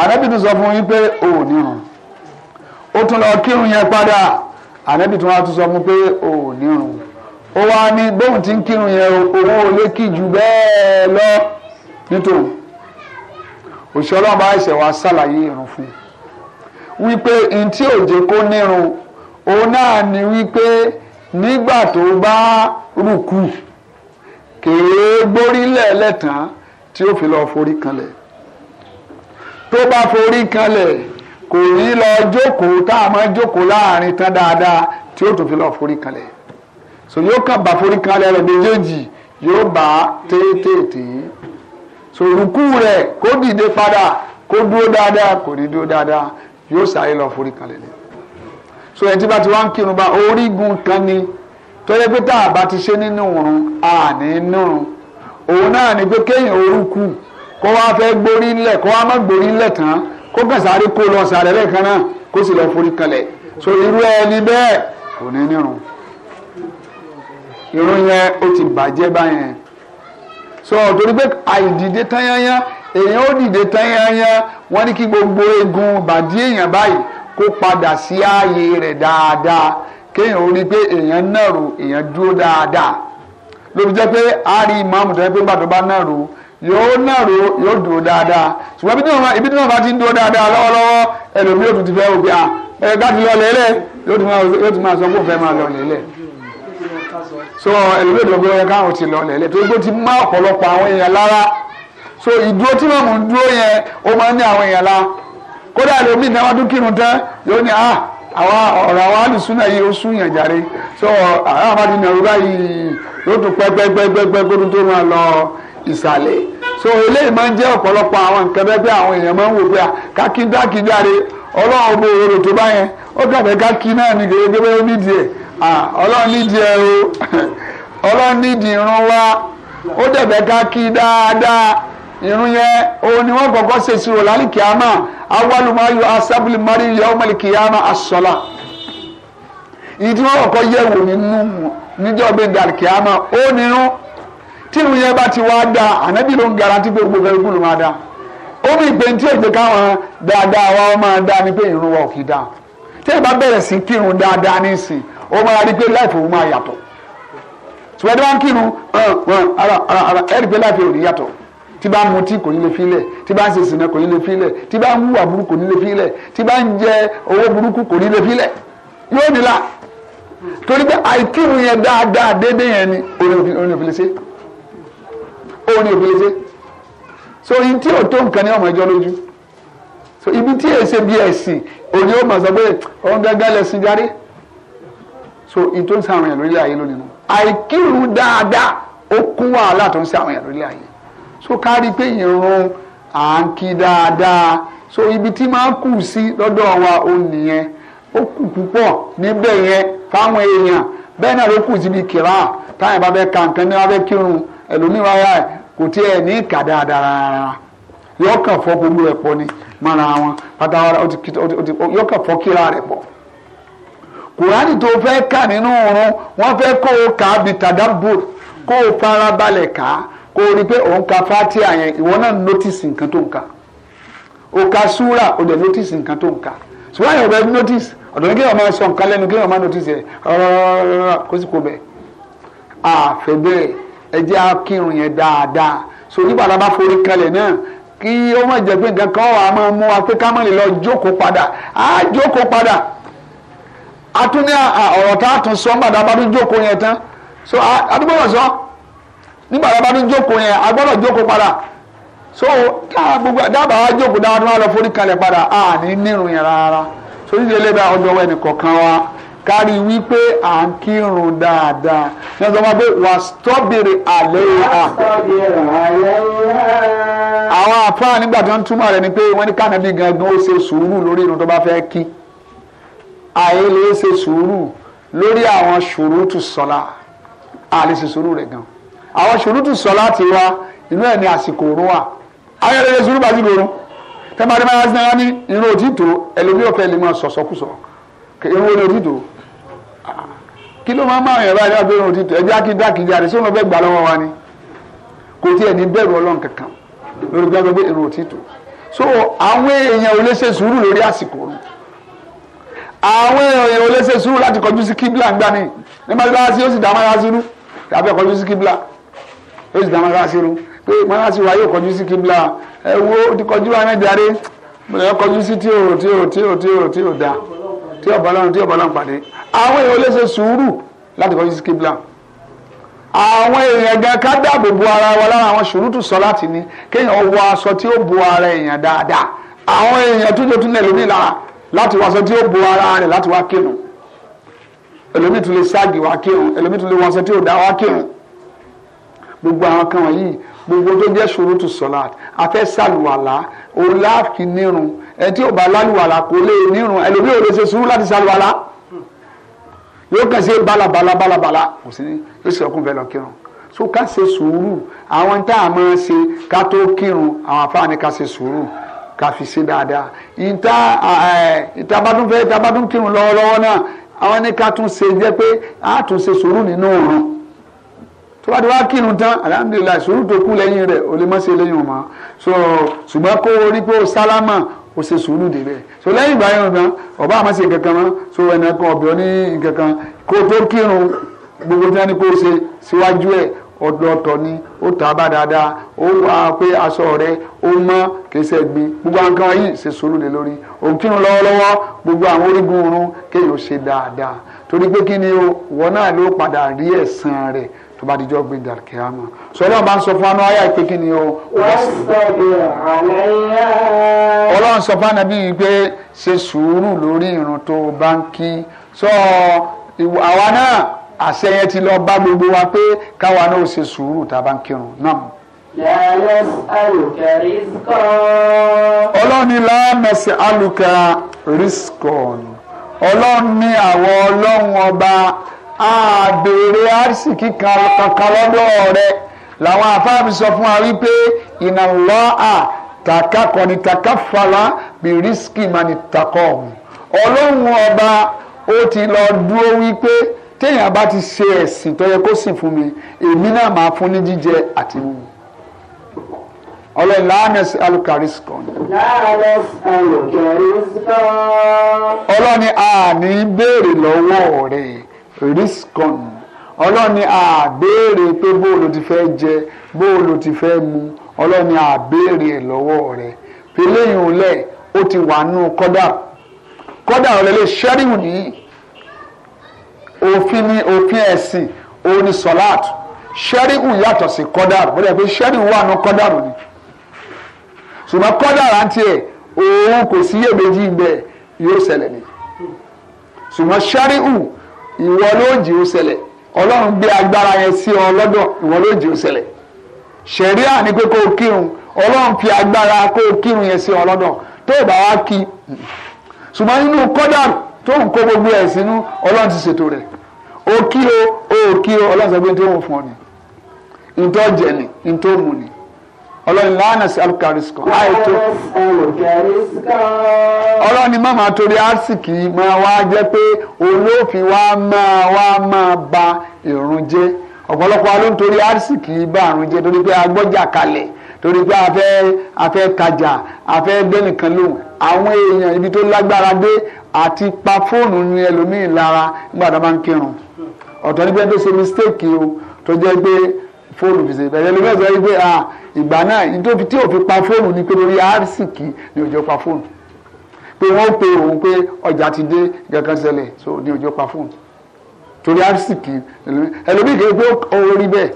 S2: ànábì tún sọ fún yín pé ò nírun ó tún lọ kírun yẹn padà ànábì tún wá tún sọ fún pé ò nírun ó wá ní bóun ti ń kírun yẹn owó olé bẹ́ẹ̀ lọ nítorí òṣìṣẹ́ ọlọ́run bá ẹsẹ̀ wa ṣàlàyé irun fún un wípé n tí kó nírun òun náà ni wípé nígbà tó bá rùkù kèé gbórílẹ̀ lẹ́tàn tí ó fi lọ forí kanlẹ̀ tó bá forí kanlẹ̀ kò ní lọ jókòó tá a máa jókòó láàrin tán dáadáa tí ó tún fi lọ forí kanlẹ̀ so yóò kàn bá forí kanlẹ̀ rẹ̀ méjèèjì yóò bá téètéètèé sòrùkú rẹ̀ kó dìde padà kó dúró dáadáa kò ní dúró dáadáa yóò sáré lọ forí kalẹ̀ ni so ẹni tí bá ti wá ń kírun bá orígun kan ni tó yẹ pé tá a bá ti ṣe nínú òrun a ní nírun òun náà ni pé kéèyàn orúkú kó wá fẹ́ gborí ńlẹ̀ kó wá má gborí ńlẹ̀ tán kó kàn sáré kó lọ sàrẹ́ lẹ́ẹ̀kan náà kó sì lọ forí kalẹ̀ so irú ẹni bẹ́ẹ̀ kò ní nírun irun yẹn ó ti bàjẹ́ báyẹn so torí pé àìdìde tányányá èèyàn ó dìde tányányá wọ́n ní kí gbogbo egun bàdí èèyàn báyìí kó padà sí ààyè rẹ̀ dáadáa kéèyàn ó rí pé èèyàn nàró èèyàn dúró dáadáa lóbi jẹ́ pé a rí ìmáàmù tó yẹ pé gbàdúrà bá yóò yóò ibi tí bá ti ń dúró dáadáa lọ́wọ́lọ́wọ́ ẹlòmíràn tó ti fẹ́ à gbàdúrà ah, yóò máa sọ pé lọ so ẹlòmíì tó gbé yẹn káwọn ti lọ lẹ́lẹ́ tó gbé ti má ọ̀pọ̀lọpọ̀ àwọn èèyàn lára so ìdúró tí màmú dúró yẹn ó máa ń ní àwọn èèyàn lára kódà ẹlòmíì náà wọ́n tún kírun tán yóò ní ah àwọn ọ̀rọ̀ àwọn alùsùnà yìí ó sún yàn jàre so àwọn àbájú ní ọ̀rọ̀ báyìí ló tún pẹ́pẹ́pẹ́pẹ́ kó tó máa lọ ìsàlẹ̀ so eléyìí máa ń jẹ́ ọ̀pọ̀lọpọ̀ àwọn nǹkan bẹ́ẹ̀ àwọn èèyàn máa ń wò pé kákíńdákíńdáre ọlọ́run bó orò tó bá yẹn ó kàfẹ́ kákí náà ní gẹ́gẹ́ ó nídìí ẹ̀ ọlọ́run nídìí ẹ o ọlọ́run nídìí irun wa ó dẹ̀bẹ̀ ká kí dáadáa irun yẹn òun ni wọ́n kọ́kọ́ ṣe ìṣirò lálìkí àmà awálùmáyò asábìlì mari yẹ́wò mẹ́lìkì àmà àṣọlá ìyí tí wọ́n kọ́kọ́ yẹ̀ wò nínú níjọ́ bẹ́ẹ̀ dàlìkí àmà ó nírun tí irun yẹn bá ti wá da ànábì ló ń garanti pé gbogbo ẹgbẹ́ ló máa da ó ní ìpè tí èdè káwọn dáadáa wa máa da ni pé irun wa ò kì í da tí ẹ bá bẹ̀rẹ̀ sí kírun dáadáa nísìnyí ó máa rí pé láìfò ó máa yàtọ̀ ṣùgbọ́n wọ́n kírun ara ara ara ẹ̀rí pé láìfò ò ní yàtọ̀ tí bá ń mutí kò ní lè filẹ̀ tí bá ń ṣe ìsìnà kò ní lè filẹ̀ tí bá ń hùwà burúkú kò ní lè filẹ̀ tí bá ń jẹ owó burúkú kò ní lè filẹ̀ yóò nílà torí pé àìkírun yẹn dáadáa dédé yẹn ni òun ò fi lè ṣe òun ò fi lè ṣe so yìí tí o tó nǹkan ní ọmọ ẹjọ́ lójú so ibi tí èsè bí ẹ̀sìn òní ó mọ̀ sọ pé òun gángan lẹ̀sìn jáde so in tó ń ṣe àwọn èèyàn lórílẹ̀ ayé lónìí nù àìkírun dáadáa ó kún wàhálà tó ń ṣe àwọn èèyàn lórílẹ̀ ayé so kárí pé ìrun à ń kí dáadáa so ibi tí máa ń kù sí lọ́dọ̀ wa ó nìyẹn ó kù púpọ̀ níbẹ̀ yẹn fáwọn èèyàn bẹ́ẹ̀ náà ló kù síbi kìlá táyà bá bẹ́ẹ̀ ka nǹkan ní wọ́n bẹ́ẹ̀ kírun ẹlòmíràn ara ẹ̀ kò tiẹ̀ ní ìkà dáadáa rárá yọ̀ọ̀kan fọ́ gbogbo ẹ̀ pọ̀ ni mọ́ra wọn pátáwárá yọ̀ọ̀kan fọ́ kíra rẹ̀ pọ̀ kùránì tó fẹ́ kà nínú oorun wọ́n fẹ́ kó o kà á bi tadabbur kó o farabalẹ̀ kà á kó o rí i pé òun ka fatia yẹn ìwọ náà nọ́tìsì nǹkan tó ń kà o ka súrà o dẹ̀ nọ́tìsì nǹkan tó ń kà ṣùgbọ́n àyẹ̀wò ẹ̀ nọ́tìsì ọ̀dọ̀ ní kéèyàn máa sọ nǹkan lẹ́nu kéèyàn máa nọ́tìsì ẹ̀ kó sì kó bẹ́ẹ̀ àfẹ́ bẹ́ẹ̀ ẹ jẹ́ akírun yẹn dáadáa so nígbà tá a bá forí kalẹ̀ náà kí ó má jẹ́ pé nǹkan kan wà á máa mú wa pé ká má lè lọ jókòó padà á jókòó padà a tún ní ọ̀rọ̀ tá a tún sọ nígbà tá a bá tún jókòó yẹn tán so a tún gbọ́dọ̀ sọ nígbà tá a bá tún jókòó yẹn a gbọ́dọ̀ jókòó padà so káà gbogbo dábàá wá jókòó dáhùn wá lọ forí kalẹ̀ padà a ní nírun yẹn rárá so ní ilé bá ọjọ́ wẹ̀ nìkọ̀ọ̀kan wa kárí wípé à ń kírun dáadáa ní ọjọ́ máa gbé wà stọ́bìrì àlẹ́ à. àwọn àfáà nígbà tí wọ́n túmọ̀ rẹ̀ ni pé wọ́n ní kánàbí gangan ó ṣe sùúrù lórí irun tó bá fẹ́ kí àìlè ṣe sùúrù lórí àwọn ṣùrùtù sọlá àlè ṣe sùúrù rẹ̀ gan àwọn ṣùrùtù sọlá ti wá inú ẹ̀ ní àsìkò òru wà ayẹyẹ sùúrù bá ti lòrù tẹmọdé máa ń sinara ní irun òtítọ́ ẹlòmí ọ̀fẹ́ lè máa sọ̀sọ̀kùsọ irun olè òtítọ́ kí ló máa ń máa yẹn báyìí láti irun òtítọ́ ẹjẹ́ akídákìjà rẹ̀ sọ́nà bẹ́ẹ̀ gbà lọ́wọ́ wa ni kò tí ẹ̀ ní bẹ̀rù ọlọ́run kankan lórí gbàgbé irun òtítọ́ so àwọn èèyàn ò lè ṣe sùúrù lórí àsìkò òru àwọn èèyàn ò lè ṣe sùúrù láti kọjú sí kíbla ńgbà ni ní mọ́sálásí ó sì dá mọ́sálásí rú tàbí ọkọjú sí kíbla ó sì dá mọ́sálásí rú pé mọ́sálásí wa yóò kọjú sí kíbla ẹ wo ti kọjú wa mẹ́jáde ẹ kọjú sí tí ò tí ò tí ò tí ò tí ò da tí ọ̀bọ̀ lọ́run tí ọ̀bọ̀ lọ́run pàdé àwọn èèyàn ò lè ṣe sùúrù láti kọjú sí kíbla àwọn èèyàn gan ká dáàbò bo ara wa lára àwọn ṣòrútù sọ láti ní kéèyàn wọ aṣọ tí ó bo ara èèyàn dáadáa àwọn èèyàn tó jẹ tún lẹ lómi lára láti wọ aṣọ tí ó bo ara rẹ̀ láti wá kírun ẹlòmíì tún lè ságì wá kírun ẹlòmíì tún lè wọ aṣọ tí ò dá wá kírun gbogbo àwọn kan wọ̀nyí gbogbo tó jẹ́ ṣurutu sọ̀láàt afẹ́ sàlùwàlà òun láàfin nírun ẹni tí ò bá lálùwàlà kò lè nírun ẹlòmíì ò lè ṣe sùúrù láti sàlùwàlà yóò kàn ṣe balabala balabala kò sí yóò ṣe ọkùnrin bẹ́ẹ̀ lọ kírun so ká ṣe sùúrù àwọn tá a máa ṣe ká tó kírun àwọn afáàní ká ṣe sùúrù ká fi ṣe dáadáa ìta eh, ìtabadún fẹ́ ìtabadún kírun lọ́wọ́lọ́wọ́ náà àwọn ní ká tún ṣe jẹ́ pé a tún ṣe sùúrù nínú òòrùn tó bá ti wá kírun tán alhamdulilayi sùúrù tó kú lẹ́yìn rẹ̀ ò lè mọ́ ṣe lẹ́yìn ọ̀mọ́ so ṣùgbọ́n kó o rí pé o sálámà o ṣe sùúrù débẹ̀ so lẹ́yìn ìgbà yẹn gan ọba àmọ́ ṣe nǹkan kan mọ́ so ẹnì kan ọ̀bẹ ní nǹkan kan kó o tó kírun gbogbo tí wọ́n ní kó o ṣe síwájú ẹ̀ ọdún ọ̀tọ̀ ni ó tà bá dáadáa ó wá pé aṣọ rẹ̀ ó mọ́ kẹsẹ̀ gbin gbogbo nǹkan yìí ṣe sùúrù lé lórí òun kírun lọ́wọ́lọ́wọ́ gbogbo àwọn orígun oorun kéèyàn ṣe dáadáa torí pé kí ni o wọn náà ló padà rí ẹ̀san rẹ̀ tó bá dijọ́ gbé dàrúkẹ́ àmọ́ sọlá bá ń sọ fún anáyà pé kí ni o. ọlọ́run sọ fún anabi pé ṣe sùúrù lórí irun tó bá ń kí sọ àwa náà àṣẹ yẹn ti lọ bá gbogbo wa pé káwa náà ó ṣe sùúrù tá a bá ń kírun náà.
S1: Yàrá alùkà
S2: rìsíkọ̀. Ọlọ́run ni láàmẹ̀sẹ̀ alùkà rìsíkọ̀. Ọlọ́run ní àwọn ọlọ́run ọba àbèrè àrísìkí kan kankan lọ́dọ̀ rẹ̀ làwọn afáàmì sọ fún wa wípé ìnà lọ́à tàkà kọ́ni tàkà fàlà bí rìsíkì máa ní takọ̀ ọ̀hún. Ọlọ́run ọba ó ti lọ dúró wípé téèyàn bá ti ṣe ẹ̀sìn tó yẹ kó sìn fún mi èmi náà máa fún ní jíjẹ àti mímu ọlọ́run láàánẹ́sì alukaris kan.
S1: láàánẹ́sì alukaris kan.
S2: ọlọ́ni àní béèrè lọ́wọ́ rẹ̀ riskon ọlọ́ni àbéèrè pé bóòlù ti fẹ́ jẹ bóòlù ti fẹ́ mu ọlọ́ni àbéèrè lọ́wọ́ rẹ̀ pé lẹ́yìn olẹ́ ó ti wà nù kọ́dà kọ́dà ọ̀rẹ́ lè ṣẹ́rìwù nìyí òfin ni òfin ẹ̀sìn òun ni sọ̀láàt ṣẹ́ríhù yàtọ̀ sí kọ́dàrú bó dẹ̀ pé ṣẹ́ríhù wà ní kọ́dàrú ni ṣùgbọ́n kọ́dàrú àti ẹ̀ òun kò sí iyèméjì ibẹ̀ yóò ṣẹlẹ̀ ni ṣùgbọ́n ṣẹ́ríhù ìwọ ló jì ó ṣẹlẹ̀ ọlọ́run gbé agbára yẹn sí ọ lọ́dọ̀ ìwọ ló jì ó ṣẹlẹ̀ ṣẹ̀ríà ni pé kó o kírun ọlọ́run fi agbára kó o kírun yẹn sí ọ lọ́dọ̀ tó o bá wá kí ṣùgbọ́n inú kọ́dàrú tó ń kó gbogbo ẹ̀ sínú ọlọ́run ti ṣètò rẹ̀ ó kí o ó kí o ọlọ́run sọ pé tó ń fún ọ ni ntọ́ jẹ ni ntọ́ mu ni ọlọ́run lánà sí alukarisikọ àìtó ọlọ́run ni máma torí àsìkì máa wá jẹ́ pé olófin wa máa wá máa ba ìrun jẹ́ ọ̀pọ̀lọpọ̀ alóńtorí àsìkì bá àrùn jẹ́ torí pé agbọ́jà kalẹ̀ torí pé a fẹ́ a fẹ́ tajà a fẹ́ dẹ́nìkan lò àwọn èèyàn ibi tó lágbára dé àti pa fóònù ní ẹlòmíì lára nígbà tó bá ń kírun ọ̀tọ̀ nígbà tó ṣe mistake o tó jẹ́ pé fóònù fi ṣe ìbẹ̀rẹ̀ ló mẹ́sàn-án yìí pé ah, ìgbà náà ìdóbi tí òfin pa fóònù ni pé lórí àrísìkì ni òjò pa fóònù pé wọ́n pe òun pé ọjà ti dé gẹ́gẹ́ ṣẹlẹ̀ so ni òjò pa fóònù torí àrísìkì ẹlòmíì kì í pé ó rí bẹ́ẹ̀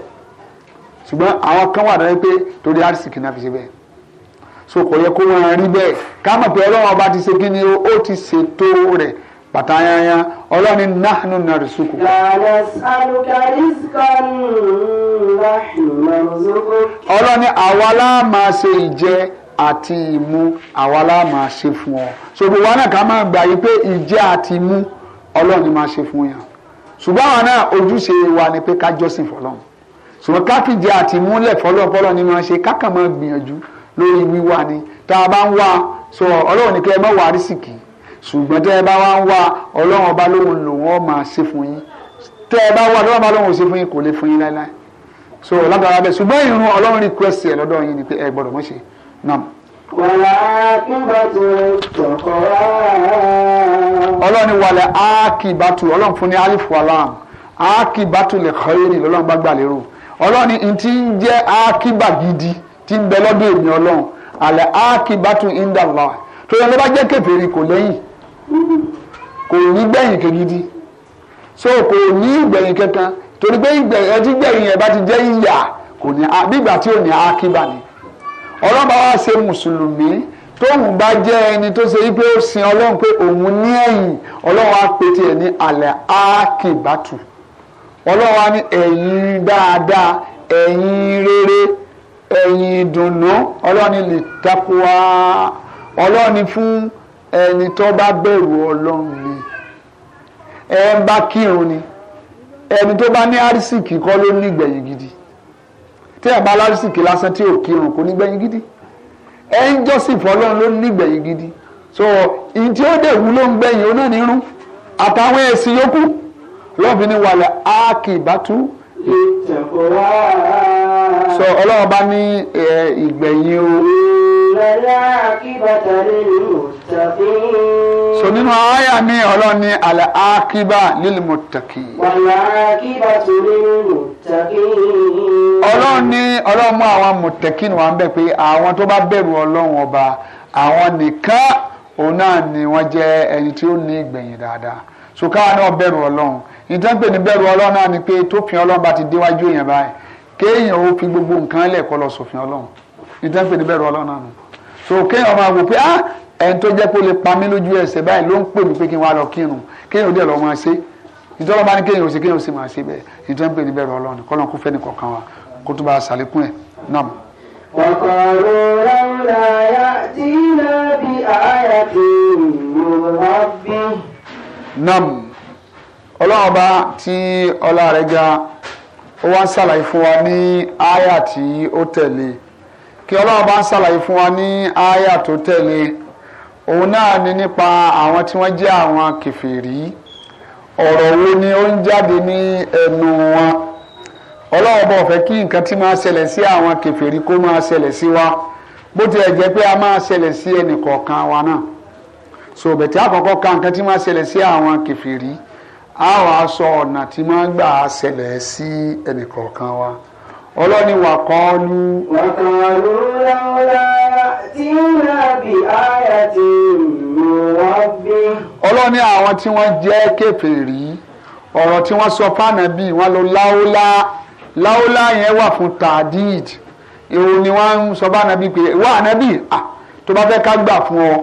S2: ṣùgbọ́n àwọn kan wà dáná pé torí arsik náà fi ṣe bẹ́ẹ̀ so kò yẹ kó wọn rí bẹ́ẹ̀ ká mọ̀ pé ọlọ́run ọba ti ṣe kí ni ó ti ṣètò rẹ̀ pàtàyàyà ọlọ́ni nahnu narzuku.
S1: lànà sàlùkàrí kan nahnu narzuku. ọlọ́ni àwa la
S2: máa ṣe ìjẹ àti ìmu àwa la máa ṣe fún ọ. ṣòbò wa náà ká máa gbà yí pé ìjẹ àti ìmu ọlọ́ni máa ṣe fún yàn. ṣùgbọ́n àwọn náà ojúṣe wa ni pé ká jọ́sìn fọlọ́run ṣùgbọ́n kákìjẹ àti múlẹ̀ fọlọ́fọlọ́ ni wọ́n ṣe kákàn máa gbìyànjú lórí wíwá ni tá a bá ń wá sọ ọlọ́run ní kẹ́ ẹ má wá rísìkì ṣùgbọ́n tẹ́ ẹ bá wá ń wá ọlọ́run ọba lóhun lò wọ́n máa ṣe fún yín tẹ́ ẹ bá wá ọlọ́run ọba lóhun ṣe fún yín kò lè fún yín láíláí so lágbára bẹ́ẹ̀ ṣùgbọ́n ìrun ọlọ́run request ẹ̀ lọ́dọ̀ yín ni pé ẹ gbọ́dọ̀ mọ̀ ṣe nam.
S1: wàlẹ̀ ákìbàtù tọkọ wá.
S2: ọlọ́run ni wàlẹ̀ ákìbàtù ọlọ́run fún ní alifu alam ákìbàtù lè kọ́ ni lọ́lọ́run ọlọ́run ní ti ń jẹ́ ákíbà gidi ti ń bẹ lọ́dọ̀ èmi ọlọ́run àlẹ́ ákíbà tún indala tó yẹ ló bá jẹ́ kèfèrí kò lẹ́yìn kò ní gbẹ̀yìn kegidi so kò ní ìgbẹ̀yìn kankan torí pé ìgbẹ̀yìn ẹtí gbẹ̀yìn yẹn bá ti jẹ́ ìyà kò ní nígbà tí ò ní ákíbà ni ọlọ́run bá wá ṣe mùsùlùmí tóun bá jẹ́ ẹni tó ṣe wípé ó sin ọlọ́run pé òun ní ẹ̀yìn ọlọ́run á pe tiẹ̀ ní àlẹ́ ákíbà tún ọlọ́run á ní ẹ̀yin dáadáa ẹ̀yin rere ẹ̀yin ìdùnnú ọlọ́run ní lè takuwa ọlọ́run ní fún ẹni tó bá bẹ̀rù ọlọ́run ni ẹ ń bá kírun ni ẹni tó bá ní àrísìkì kọ́ ló ní ìgbẹ̀yìn gidi tí ẹ̀ bá lárísìkì lásán tí ò kírun kò ní gbẹ̀yìn gidi ẹ ń jọ́sìn fọlọ́run ló ní ìgbẹ̀yìn gidi so ìdí ó dẹ̀ wúlò ń gbẹ̀yìn ó àtàwọn ẹ̀sìn yòókù lọ́ọ̀bì ni wàlẹ̀ ákìbátú. sọ ọlọ́run bá ní ìgbẹ̀yìn o.
S1: ìrọ̀lẹ́ àkìbàtà nínú mùtàkì
S2: so nínú àyà mi ọlọ́run ní àlẹ́ àkíbà lil muttaqin.
S1: wàlá àkíbà tó lil muttaqin.
S2: ọlọ́run ní ọlọ́run mú àwọn muttaqin wà ń bẹ̀ pé àwọn tó bá bẹ̀rù ọlọ́run ọba àwọn nìkan òun náà ni wọ́n jẹ́ ẹni tí ó ní ìgbẹ̀yìn dáadáa so káwọn náà bẹ̀rù ọlọ́run ìtọ́pẹ̀ ní bẹ̀rù ọlọ́run náà ni pé tófin ọlọ́run bá ti déwájú èèyàn báyìí kéèyàn ó fi gbogbo nǹkan lẹ̀ kọ́ lọ sòfin ọlọ́run ìtọ́pẹ̀ ní bẹ̀rù ọlọ́run náà nù so kéèyàn máa wò pé ah ẹni tó jẹ́ pé ó lè pa mí lójú ẹsẹ̀ báyìí ló ń pè mí pé kí n wá lọ kírun kéèyàn ó dẹ̀ lọ máa ṣe ìtọ́lọ́ bá ní kéèyàn ó ṣe kéèyàn ó sì máa ṣe bẹ́ẹ̀ ìtọ́pẹ̀ ní bẹ̀rù ọlọ́run kọ́lọ́n kó fẹ́ni kọ̀ọ̀kan wa kó tó bá ṣàlékún ẹ̀ náà.
S1: وقالوا لولا
S2: يأتينا بآية من ربه نعم ọlọ́run ọba tí ọlá rẹ̀ ga ó wá ń ṣàlàyé fún wa ní àyà tí ó tẹ̀lé kí ọlọ́run bá ń ṣàlàyé fún wa ní àyà tó tẹ̀lé òun náà ni nípa àwọn tí wọ́n jẹ́ àwọn kèfèrí ọ̀rọ̀ wo ni ó ń jáde ní ẹnu wọn ọlọ́run bọ̀ kí nǹkan tí máa ṣẹlẹ̀ sí àwọn kèfèrí kó máa ṣẹlẹ̀ sí wa bó tilẹ̀ jẹ́ pé a máa ṣẹlẹ̀ sí ẹnì kọ̀ọ̀kan wa náà so bẹ̀tẹ̀ àkọ́kọ́ ka nǹkan tí máa ṣẹlẹ̀ sí àwọn kèfèrí. a wàá sọ ọ̀nà tí máa ń gbà á ṣẹlẹ̀ sí ẹnìkọ̀ọ̀kan wa ọlọ́ni wà kọ́ lu. wàkàlù lọ́la tí nàbì àyà ti mú wá gbé. ọlọ́ni àwọn tí wọ́n jẹ́ kèfèrí ọ̀rọ̀ tí wọ́n sọ fànàbí wọ́n lọ láúlá láúlá yẹn wà fún tadid èrò ni wọ́n ń sọ fànàbí pé wà ànábì tó bá fẹ́ ká gbà fún ọ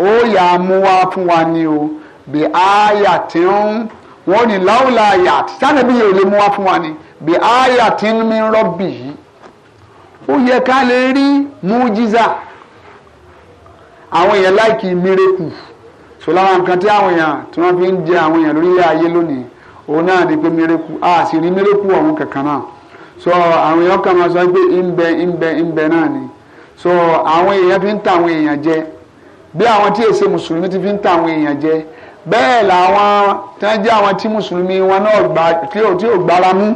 S2: ó yà á mú wá fún wa ni o. bí àyà tí ń wọ́n ní láwùlà àyà sànàbí yóò lè mú wá fún wa ni bí àyà tí ń mi rọ́bì yìí ó yẹ ká lè rí mújísà àwọn èèyàn láìkì mírèkù so lára nǹkan tí àwọn èèyàn tí wọ́n fi ń jẹ àwọn èèyàn lórílẹ̀ ayé lónìí òun náà ni pé mireku a sì rí mírèkù ọ̀hún kankan náà so àwọn èèyàn kan máa sọ pé ìbẹ ìbẹ ìbẹ náà ni so àwọn èèyàn fi ń ta àwọn èèyàn jẹ bí àwọn tí èsè mùsùlùmí ti fi ń ta àwọn èèyàn jẹ bẹ́ẹ̀ làwọn tán jẹ́ àwọn tí mùsùlùmí wọn náà gbà tí ò gbára mú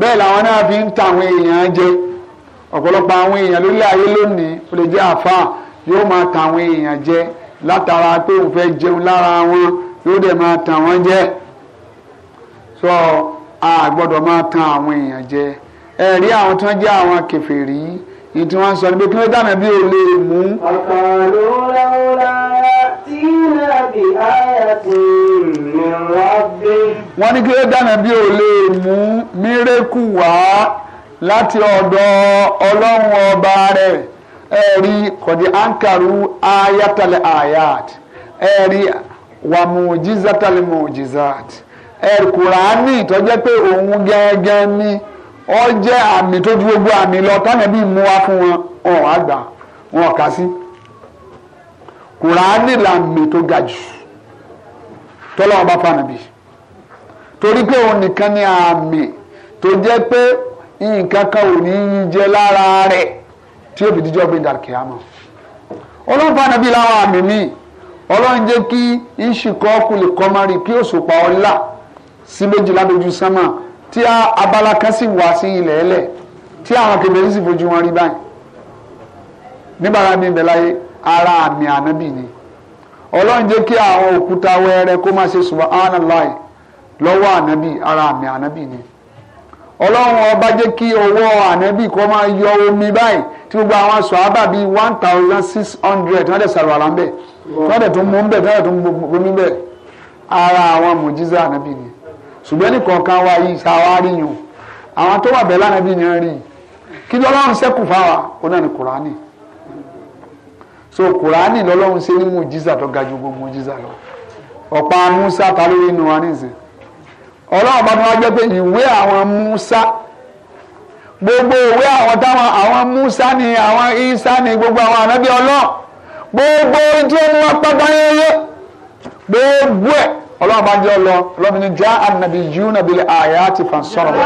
S2: bẹ́ẹ̀ làwọn náà fi ń ta àwọn èèyàn jẹ ọ̀pọ̀lọpọ̀ àwọn èèyàn lórí ayé lónìí ó lè jẹ́ àáfàá yóò máa ta àwọn èèyàn jẹ látara pé òun fẹ́ jẹun lára wọn yóò dẹ̀ máa ta wọ́n jẹ sọ a gbọ́dọ̀ máa tan àwọn èèyàn jẹ ẹ rí àwọn tí wọ́n jẹ́ àwọn kèfèrí ní tí sọ ni pé kí wọ́n dáná bí o lè mú. ọ̀pọ̀ ló
S1: lọ́wọ́ wọ́n
S2: ní kí ló dáná bí ò lè mú mírèkù wá láti ọ̀dọ̀ ọlọ́run ọba rẹ̀ ẹ̀rí kọ̀dí ankaru ayatalẹ̀ ayat ẹ̀rí wàmùjízatalẹ̀ mùjízat ẹ̀rí kùránì tó jẹ́ pé òun gẹ́gẹ́ ní ó jẹ́ àmì tó ju gbogbo àmì lọ tánà bí mú wá fún wọn ọ̀hún àgbà wọn kà sí kùránì làmì tó ga jù tọ́lọ́wọ́n bá fa nàbì torí pé òun nìkan ni àmì tó jẹ́ pé nǹkan kan ò ní í jẹ lára rẹ̀ tí ó fi díjọ́ gbé dàkẹ́ àmọ́ ọlọ́run fa nàbì láwọn àmì míì ọlọ́run jẹ́ kí ìṣìkọ́ ọkùnrin kan máa rí kí òṣùpá ọlá sí méjìlá lójú sánmà tí abala kan sì wá sí ilẹ̀ ẹlẹ̀ tí àwọn kèbèrè sì fojú wọn rí báyìí nígbàrá mi bẹ̀ láyé ara àmì ànábì ni ọlọ́run jẹ́ kí àwọn òkúta wẹ́rẹ́ kó má ṣe subhanallah lọ́wọ́ ànábì ara àmì ànábì ni ọlọ́run ọba jẹ́ kí ọwọ́ ànábì kó máa yọ omi báyìí tí gbogbo àwọn sọ̀hábà bíi one thousand six hundred tí wọ́n dẹ̀ sàlùwàlà ń bẹ̀ tí wọ́n dẹ̀ tún mú ń bẹ̀ tí wọ́n dẹ̀ tún gbomi bẹ̀ ara àwọn mùjíza ànábì ni ṣùgbọ́n nìkọ̀ọ̀kan wa yìí ṣàwárí yùn àwọn tó wà bẹ́ẹ̀ lánàbì ni wọ́n rí kí lọ́lọ́run ṣẹ́kù fáwa ó kùránì so kùránì lọ́lọ́run ṣe ní mùjísà tó ga ju gbogbo mùjísà lọ ọ̀pá musa ta lórí inú wa nísìn ọlọ́run bá tún wá jẹ́ pé ìwé àwọn musa gbogbo ìwé àwọn táwọn àwọn musa ni àwọn isa ni gbogbo àwọn ànábì ọlọ́run gbogbo ojú ọmọ pápá yẹn yẹ gbogbo ẹ̀ ọlọ́run bá ń jẹ́ lọ ọlọ́run ní já ànàbí yún nàbí lè àyà ti fàn sọ̀rọ̀ lọ.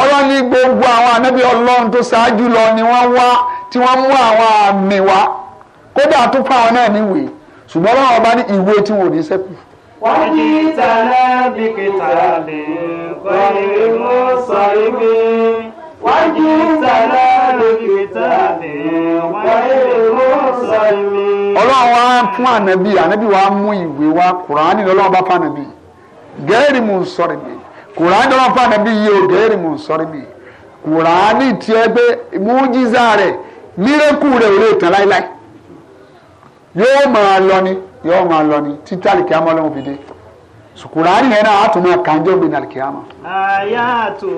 S2: ọlọ́run ní gbogbo àwọn ànábì ọlọ́run tó ṣáájú lọ ni wọ́n wá tí wọ́n mú àwọn àmì wá kódà tó fáwọn náà níwèé ṣùgbọ́n ọlọ́run ọba ní ìwé tí wọn ò ní sẹ́kù.
S1: wọ́n jí tàlẹ́ bí kìtàlẹ́ kọ́ ìrìnnà sọ ibi ọlọ́run
S2: wa fún ànábì ànábì wa mú ìwé wa kùránì lọ́lọ́run bá fànábì gẹ́rì mú sọ̀rọ̀ mi kùránì lọ́lọ́run fànábì yìí ó gẹ́rì mú sọ̀rọ̀ mi kùránì tiẹ̀ pé mújísà rẹ̀ mírẹ́kù rẹ̀ ò lè tán láíláí yóò máa lọ ni yóò máa lọ ni títàlì kí á mọ́ fi dé sùkúránì yẹn náà àtúmọ̀ kànjọ́ gbin alikiyama.
S1: àyà tó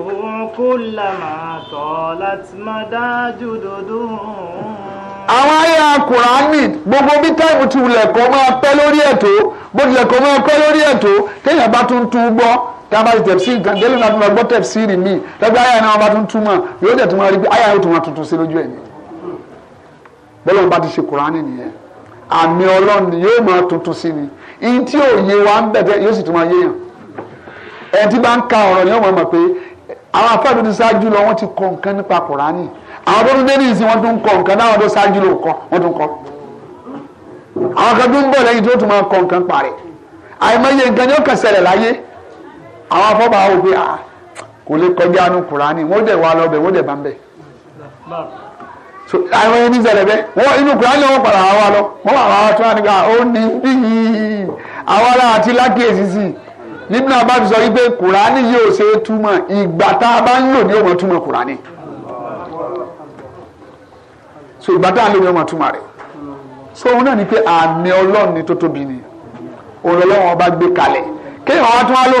S1: kó lamà tọ́ láti má dájú dodo.
S2: àwọn àyà kùránì gbogbo bí táìmù ti wulẹ̀ kọ́ máa pẹ́ lórí ẹ̀tọ́ bó tilẹ̀ kọ́ máa pẹ́ lórí ẹ̀tọ́ téèyàn bá tún tún gbọ́ tába ti tẹ̀sí nǹkan délé náà tún lọ gbọ́ tẹ̀sí rì mí lẹ́gbẹ́ àyà náà wọ́n bá tún túmọ̀ yóò dẹ̀ tún máa rí pé àyà yóò tún máa tuntun sí lójú ẹ̀ nìyẹn bọ́lá wọn bá ti ṣe kùránì nìyẹn àmì ọlọ́run yóò máa tuntun ni ihun tí ò yé wa ń bẹ̀ tẹ́ yóò sì tún máa yéèyàn ẹ̀ tí bá ń ka ọ̀rọ̀ yẹn wọ́n mọ̀ pé àwọn afẹ́ẹ̀dù ti ṣáájú lọ wọ́n ti kọ nǹkan nípa kùránì àwọn tó ń dé nìyí sí wọ́n tún kọ nǹkan náà wọ́n tó ṣáájú lò kọ́ wọ́n tún kọ́ àwọn kan tó ń bọ̀ lẹ́yìn tó tún máa kọ nǹkan parẹ́ àìmọye nǹkan yóò kàn ṣẹlẹ̀ láyé àwọn afọ́bà wò pé ah, kò lè kọjá nu kùránì wọ́n dẹ̀ wà lọ wọ́n dẹ̀ bá ń bẹ̀. so àwọn ẹni ṣẹlẹ̀ bẹ́ẹ̀ wọ́n inú kura ni wọ́n padà wá lọ wọ́n wà tó wà nígbà ó ní bíi àwọn ará àti sọ wípé a bá ń lò so ìgbà tá a lò ní so òun náà ni pé àmì ni tó tóbi ni ọba gbé wá wá lò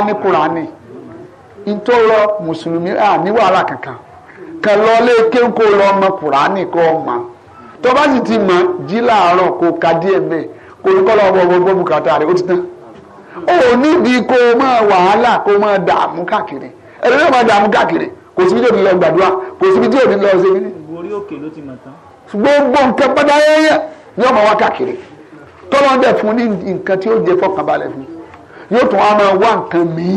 S2: ní mùsùlùmí àwa ní ntọ́rọ mùsùlùmí kàn lọ lé kéńkó lọ ọmọ kùránì kọ ọmọ tó bá sì ti mọ jí láàárọ̀ kó ka díẹ̀ bẹ́ẹ̀ kó ní kọlọ ọmọ ọmọ bùkátà rẹ ó ti tán ó nídìí kó o máa wàhálà kó o máa dààmú káàkiri ẹni náà máa dààmú káàkiri kò síbi tí ò ní lọ gbàdúrà kò síbi tí ò ní lọ ṣe kíní. orí òkè ló ti mọ̀ tán. gbogbo nǹkan padà yẹyẹ ni ọmọ wa káàkiri tọ́lọ́ dẹ̀ fún ní nǹkan tí ó jẹ fọkànbalẹ̀ fún yóò tún á máa wá nǹkan míì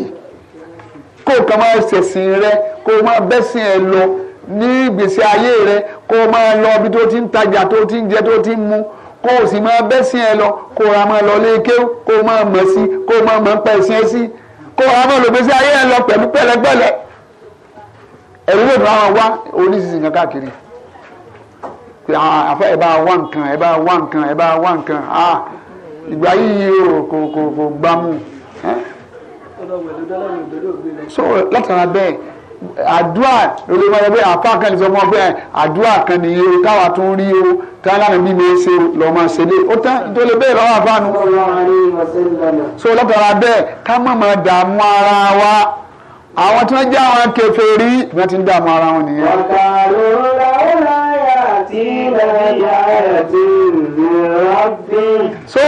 S2: kó o kàn máa ṣẹ̀sìn rẹ kó o máa bẹ́sìn ẹ lọ ní ìgbésí ayé rẹ kó o máa lọ ibi tó ti ń tajà tó ti ń jẹ tó ti ń mu kó o sì máa bẹ́sìn ẹ lọ kó o ra máa lọ léèké kó o máa mọ̀ sí kó o máa mọ̀ pa ẹ̀sìn ẹ sí kó o ra máa lọ ìgbésí ayé ẹ lọ pẹ̀lú pẹ̀lẹ́pẹ̀lẹ́
S1: ẹ̀rú lòdùn àwọn wá
S2: oníṣìṣì kan káàkiri ah, àfẹ ẹ bá wá nǹkan ẹ bá wá nǹkan ẹ bá wá nǹkan ah, ìgbà yìí o kò kò kò gbámú. so látara bẹ́ẹ̀ àdúrà lórí wọn yẹn pé àpá kan ní sọ fún ọ pé àdúrà kan nìyẹn o káwa tó ń rí o káwa lánàá bí mi ṣe lọ máa ṣe lé ó tán tó lè bẹ́ẹ̀ lọ́wọ́ àfáànù. so lọ́kàrà bẹ́ẹ̀ ká má máa dààmú ara wa àwọn tí wọ́n jẹ́ àwọn kèfèrí wọ́n ti ń dààmú ara wọn nìyẹn.
S1: ọ̀tà
S2: so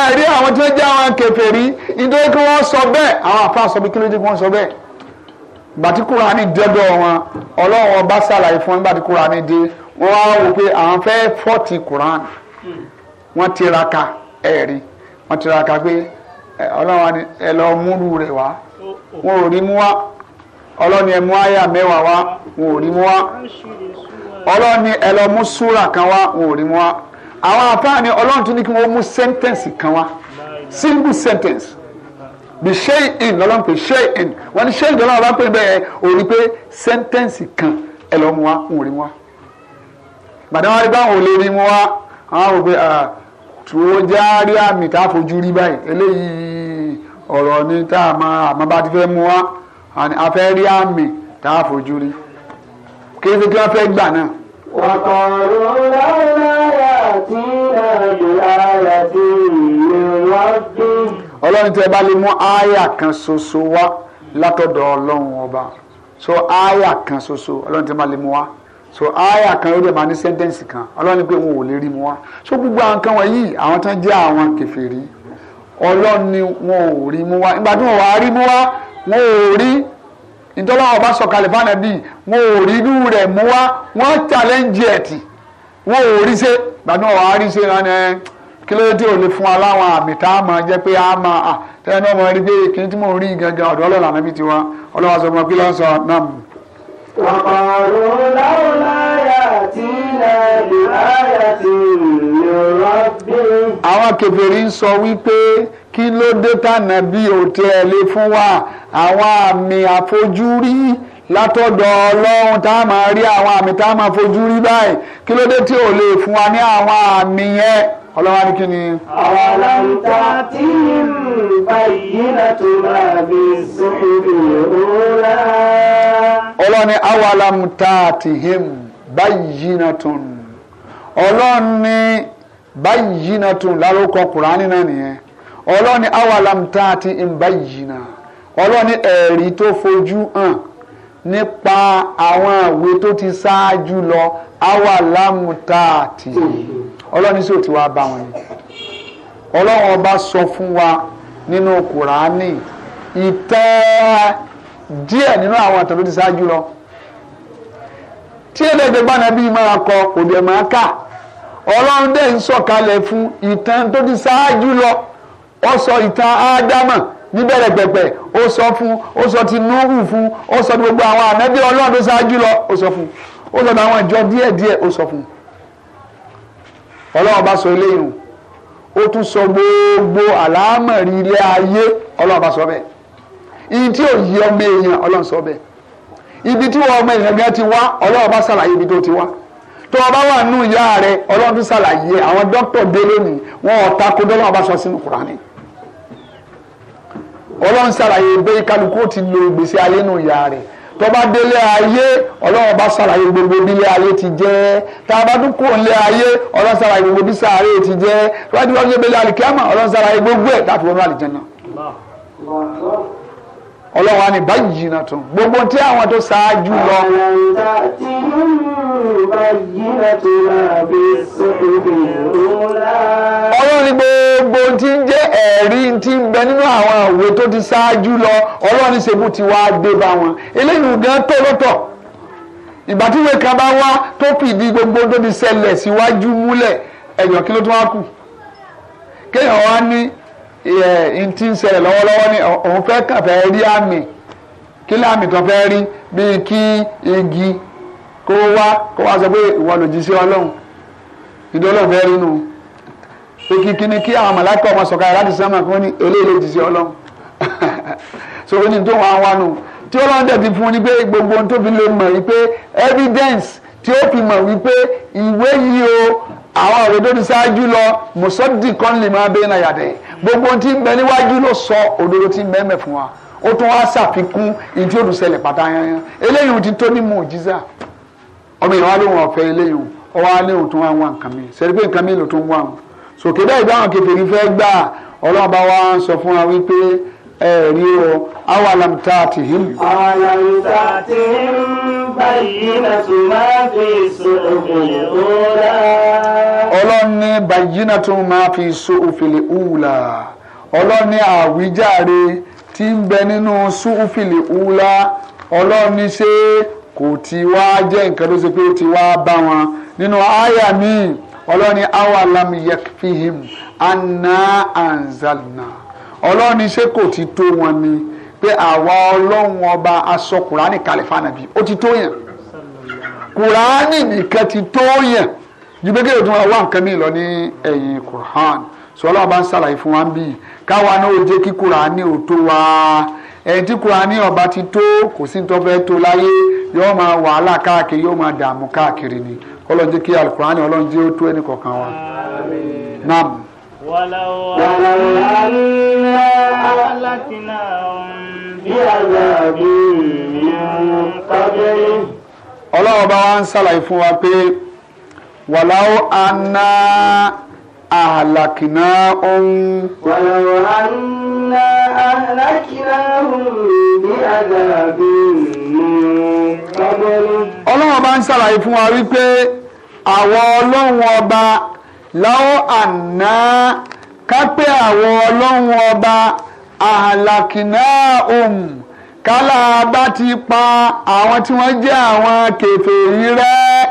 S2: ẹ rí àwọn tí wọ́n jẹ́ àwọn kèfèrí nítorí kí wọ́n sọ bẹ́ẹ̀ àwọn àfa sọ bí kí ló dé kí wọ́n sọ bẹ́ẹ̀ gbàtí kúránì dọ́dọ̀ wọn ọlọ́run ọba ṣàlàyé fún wọn gbàtí kúránì dé wọn wá wò pé àwọn fẹ́ fọ́ọ̀tì kúránì wọn tiraka ẹ̀rí wọn tiraka pé ọlọ́run ẹ lọ múlù rẹ̀ wá wọn ò rí mú wá ọlọ́run ẹ mú àyà mẹ́wàá wá wọn ò rí mú wá ọlọ́run ẹ lọ mú súrà kan wá wọn ò rí mú wá àwọn àfáàní ọlọ́run tún ní kí wọ́n mú sẹ́ńtẹ̀nsì kan wá single sentence bí ṣéyìn lọ́lọ́run pé ṣéyìn wọ́n ní in. lọ́lọ́run bá pè bẹ́ẹ̀ òní pé sẹ́ńtẹ́ǹsì kan ẹ lọ́ mu wa ń rí wa bàtà wọn rí báwọn ò lè rí mu wa àwọn òpè tòwó járí àmì tá a fojú rí báyìí eléyìí ọ̀rọ̀ ni tá a máa àmọ́ bá ti fẹ́ mu wa a fẹ́ rí àmì tá a fojú rí kí ni kí wọ́n fẹ́ gbà náà. wàkọ̀ọ̀rọ̀ láwọn ará àti àjò ara àti ọlọ́run tẹ́ bá lè mú ááyà kan ṣoṣo wá látọ̀dọ̀ ọlọ́run ọba so ááyà kan ṣoṣo ọlọ́run tẹ́ bá lè mú wá so ááyà kan yóò dẹ̀ máa ní sẹ́ńtẹ́ǹsì kan ọlọ́run ní pé wọn ò lè rí mu wá so gbogbo àwọn kan wọ̀nyí àwọn tán jẹ́ àwọn kèfèrí ọlọ́run ni wọn ò rí mu wá nígbà tí wọn wàá rí mu wá wọn ò rí ìtọ́lá ọba sọ̀kalẹ̀ fáànà bíi wọn ò rí inú rẹ̀ mú wá wọ́n challenge ẹ̀ tì wọn ò rí ṣe gbàdúrà wàá rí ṣe rán kí ló dé tí fún wa láwọn àmì tá a máa jẹ́ pé a máa à tẹ́lẹ̀ náà mo rí pé kí n tí mò ń rí gangan ọ̀dọ̀ ọlọ́run àná bíi tiwọn ọlọ́run sọ fún wa kí sọ náà.
S1: ọ̀pọ̀lọpọ̀ láwùlá yà tí lẹ́yìn láyà tí
S2: àwọn kèfèrí ń sọ wípé kí ló dé tànà bí òtí ẹ lè fún wa àwọn àmì àfojúrí látọ̀dọ̀ ọlọ́run tá a máa rí àwọn àmì tá a máa fojú rí báyìí kí ló dé tí ò lè fún wa ní àwọn àmì yẹn ọlọ́wà ní kí ni. àlàntà tí ń bayyina
S1: tó máa bí sókè
S2: òwúrà.
S1: ọlọ́ni awàlàmùtà
S2: tìhìm bayyina tó ń. ọlọ́ni bayyina tó ń lárúkọ kùránì náà nìyẹn. ọlọ́ni awàlàmùtà tí ń bayyina. ọlọ́ni ẹ̀rí tó fojú hàn nípa àwọn ìwé tó ti ṣáájú lọ awàlàmùtà tìhìm ọlọ́ni sì ò ti wá bá wọn yìí ọlọ́run ọba sọ fún wa nínú kùránì ìtẹ́ díẹ̀ nínú àwọn àtàn tó ti ṣáájú lọ tí ẹ̀ẹ́dẹ́gbẹ́gbá náà bí máa kọ òde máa kà ọlọ́run dẹ̀ ń sọ̀kalẹ̀ fún ìtàn tó ti ṣáájú lọ ó sọ ìtàn ádámà níbẹ̀rẹ̀ pẹ̀pẹ̀ ó sọ fún ó sọ ti núhù fún ó sọ ti gbogbo àwọn ànábì ọlọ́run tó ṣáájú lọ ó sọ fún ó sọ àwọn ìjọ díẹ̀ ó sọ fún ọlọ́run bá sọ eléyìí ó tún sọ gbogbo àlámọ̀rí ilé ayé ọlọ́run bá sọ bẹ́ẹ̀ ibi tí ò yí ọmọ èèyàn ọlọ́run sọ bẹ́ẹ̀ ibi tí wọ́n ọmọ èèyàn gan ti wá ọlọ́run bá ṣàlàyé ibi tó ti wá tó o bá wà nù ìyá rẹ ọlọ́run tún ṣàlàyé àwọn dókítà dé lónìí wọn ò takò dọ́lọ́run bá sọ sínú kùránì ọlọ́run ṣàlàyé bẹ́ẹ̀ kálukú ti lo ìgbésí ayé nù ìyá rẹ̀ tó bá délé ayé ọlọ́run bá ṣàlàyé gbogbo bílé ayé ti jẹ́ tá a bá tún kúrò nílé ayé ọlọ́run ṣàlàyé gbogbo bí sàárè ti jẹ́ tó bá ní ìbílẹ̀ àlìkíyàmà ọlọ́run ṣàlàyé gbogbo ẹ̀ láti wọnú àlìjẹ́
S1: náà
S2: ọlọ́run á ní báyìí náà tún gbogbo tí àwọn tó ṣáájú lọ. ọlọ́run ní gbogbo tí ń jẹ́ ẹ̀rí tí ń bẹ nínú àwọn òwe tó ti ṣáájú lọ ọlọ́run ṣebú ti wá dé bá wọn eléyìí gan tó lọ́tọ̀ ìgbà tí ìwé kan bá wá tó fìdí gbogbo tó ti ṣẹlẹ̀ síwájú múlẹ̀ ẹ̀yàn kí ló tún wá kù kéèyàn wá ní ẹ̀ ntí ń ṣẹlẹ̀ lọ́wọ́lọ́wọ́ ni òun fẹ́ kàn fẹ́ rí àmì kí láàmì kan fẹ́ rí bíi kí igi kó wá kó wá sọ pé ìwọ lòdì sí ọlọ́run ìdí ọlọ́run fẹ́ rí nù pé kíkí ni kí àwọn màláìkà ọmọ sọ̀kalẹ̀ láti sánmà kí wọ́n ní eléyìí lòdì sí ọlọ́run so ó ní tó wọn wá nù tí ọlọ́run dẹ̀ fún ni pé gbogbo ohun tó fi lè mọ̀ wípé evidence tí ó fi mọ̀ wípé ìwé yìí o àwọn ọ̀rọ̀ tó ti ṣáájú lọ mùsọ́dì kan lè máa bẹ́ẹ̀ náà gbogbo ohun ń bẹ níwájú ló sọ òdodo tí ń bẹ́ẹ̀ fún wa ó tún wá ṣàfikún ìdí òdùsẹ̀lẹ̀ pátá yanyan eléyìí ti tó ní mùjíza ọmọ ìyàwó ló wọn ọ̀fẹ́ eléyìí ọwọ́ alẹ́ òun tó wá wá nǹkan mi sẹ́ni pé nǹkan mi ló tó ń wá wọn sòkè bẹ́ẹ̀ bá àwọn kèfèrí fẹ́ gbà ọlọ́run bá wá sọ fún wa wípé ẹ̀rí o awalam taatihim. awalam taatihim bayyinatu ma fi suhufil ula. ọlọ́ni bayyinatu ma fi suhufil ula ọlọ́ni àwíjàre tí ń bẹ nínú suhufil ula ọlọ́ni ṣe kò ti wá jẹ́ nǹkan tó ṣe pé ó ti wá bá wọn nínú àyà míì ọlọ́ni awalam yakfihim anna anzalna ọlọ́run ní ṣé kò ti tó wọn ni pé àwa ọlọ́run ọba aṣọ kùránì kalẹ̀ fànàbí ó ti tó yẹn kùránì nìkan ti tó yẹn ju pé kéde tó wọn wá nǹkan mi lọ ní ẹ̀yìn kùránì sọ ọlọ́run bá ń ṣàlàyé fún wa ń bì káwa náà ó jẹ́ kí kùránì ò tó wa ẹ̀yìn tí kùránì ọba ti tó kò sí tó fẹ́ tó láyé yóò máa wàhálà káàkiri yóò máa dààmú káàkiri ni ọlọ́run jẹ́ kí alukùránì ọlọ́run jẹ́ ó tó ẹnì kọ̀ọ̀kan wa. Àmín.
S1: ولو أنا أهلكناهم
S2: بعذاب من قبله ọlọ́wọ́ bá wá ń ṣàlàyé fún wa pé wàláwó aná àhàlàkìná ohun. wàláwó
S1: aná àhàlàkìná ohun ní àdàbí
S2: ọlọ́wọ́ bá ń ṣàlàyé fún wa wípé àwọn ọlọ́run ọba láwọ àná kápẹ́ àwọn ọlọ́run ọba àhàlàkìnà òm kálá bá ti pa àwọn tí wọ́n jẹ́ àwọn kèfèrí rẹ́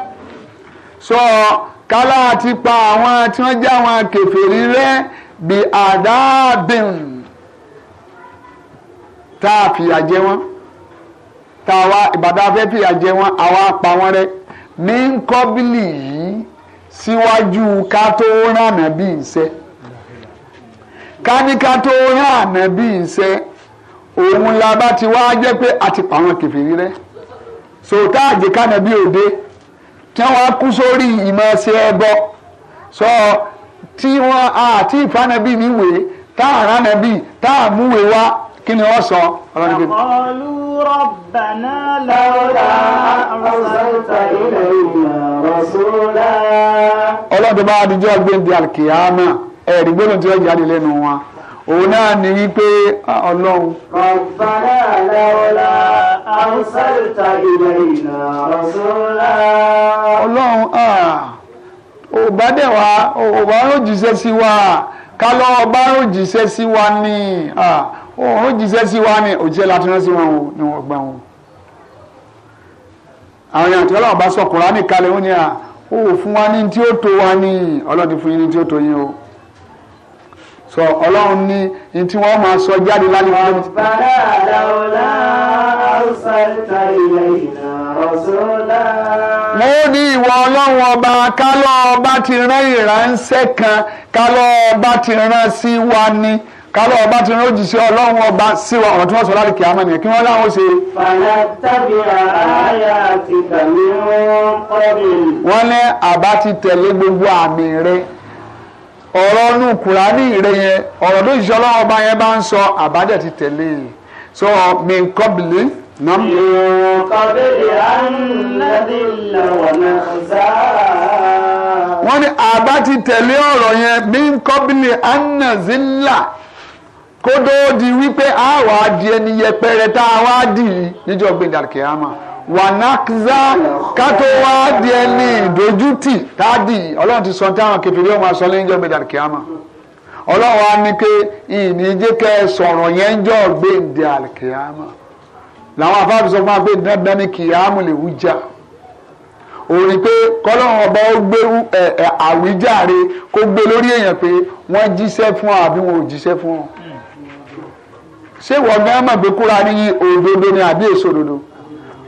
S2: sọ kálá ti pa àwọn tí wọ́n jẹ́ àwọn kèfèrí rẹ́ bí àdáàbìn tá a fìyà jẹ wọ́n tá a wá ìbàdàn afẹ́ fìyà jẹ wọ́n àwa pa wọ́n rẹ́ ní kọ́bílì yìí síwájú ká tó rán ànábì iṣẹ́ ká ní ká tó rán ànábì iṣẹ́ òun la bá ti wá jẹ́ pé a ti pa àwọn kèfèrí rẹ́ so tá àjẹ kánàbí òde tí wọ́n kú sórí ìmọ̀ ẹsẹ̀ ẹbọ sọ tí wọ́n àti ìfànàbí níwèé tá àrànàbí tá àmúwèé wá kí ni wọ́n sọ ọlọ́run níbi. ọ̀lú
S1: rọ̀bànà lọ́wọ́dà ọ̀sọ̀tà ilẹ̀ ìrọ̀sọ́lá.
S2: ọlọ́run tó bá wà níjọ́ gbẹ̀ndé àkìyàmà ẹ̀rí gbọ́dọ̀ tí wọ́n jáde lẹ́nu wa òun náà ní wípé ọlọ́run.
S1: rọ̀bànà lọ́wọ́dà
S2: ọ̀sọ̀tà
S1: ilẹ̀ ìrọ̀sọ́lá.
S2: ọlọ́run ọba dẹ̀ wá ọba jíṣẹ́ sí wa ká lọ́ọ́ bá ló jíṣẹ́ sí wa ní òun jíṣẹ́ sí wa ni òjíṣẹ́ láti rán sí wọn o ni wọ́n gbà wọn. àwọn èèyàn tí ọlọ́run bá sọ kùránì kalẹ̀ ó ní à ó fún wa ní tí ó tó wa ní ọlọ́run fún yín ní tí ó tó yín o sọ ọlọ́run ní ní tí wọ́n máa sọ jáde lálẹ́ wọn. bàrà
S1: àdáwọlá àwùsá ìta ilẹ̀ ìnà ọ̀ṣọ́lá. mo ní ìwọ ọlọ́run ọba kálọ̀ ọba ti rán ìránṣẹ́
S2: kan kálọ̀ ọba ti rán sí wa ni kálọ̀ ọba ti rán òjìṣẹ́ ọlọ́run ọba sí wa ọ̀rọ̀ tí wọ́n sọ láti kí amọ̀ kí wọ́n láwọn ṣe. fàlà tábì àáyá ti tàbí wọn kọ́ni. wọ́n ní àbá ti tẹ̀lé gbogbo àmì rẹ ọ̀rọ̀ inú kùránì rẹ yẹn ọ̀rọ̀ tó ṣiṣẹ́ ọlọ́run ọba yẹn bá ń sọ àbájẹ́ ti tẹ̀lé so mi n kọ́ bìlí. min qabli an
S1: nadilla wa
S2: wọ́n ní àbá ti tẹ̀lé ọ̀rọ̀ yẹn min qabli an nazilla kódó di wípé a wà á di ẹni yẹpẹrẹ tá a wá dì í níjọ́ gbẹ̀dà kìámà wànákzá ká tó wá di ẹni ìdójútì tá a dì í ti sọ táwọn kẹfìrí ọmọ asọ lẹ́yìn níjọ́ kìámà ọlọ́run á ní pé ìníjẹ́ kẹ́ ẹ yẹn jọ́ gbẹ̀dà kìámà làwọn afáàbí sọ fún wa pé dandan ni kìámù lè wújà òní pé kọ́lọ́run ọba ó gbé àwíjàre kó gbé lórí èèyàn pé wọ́n jíṣẹ́ fún ọ àbí wọn ò jíṣẹ́ fún ọ ṣé ìwọ gan mọ̀ pé kúra ní òdodo ni àbí èso òdodo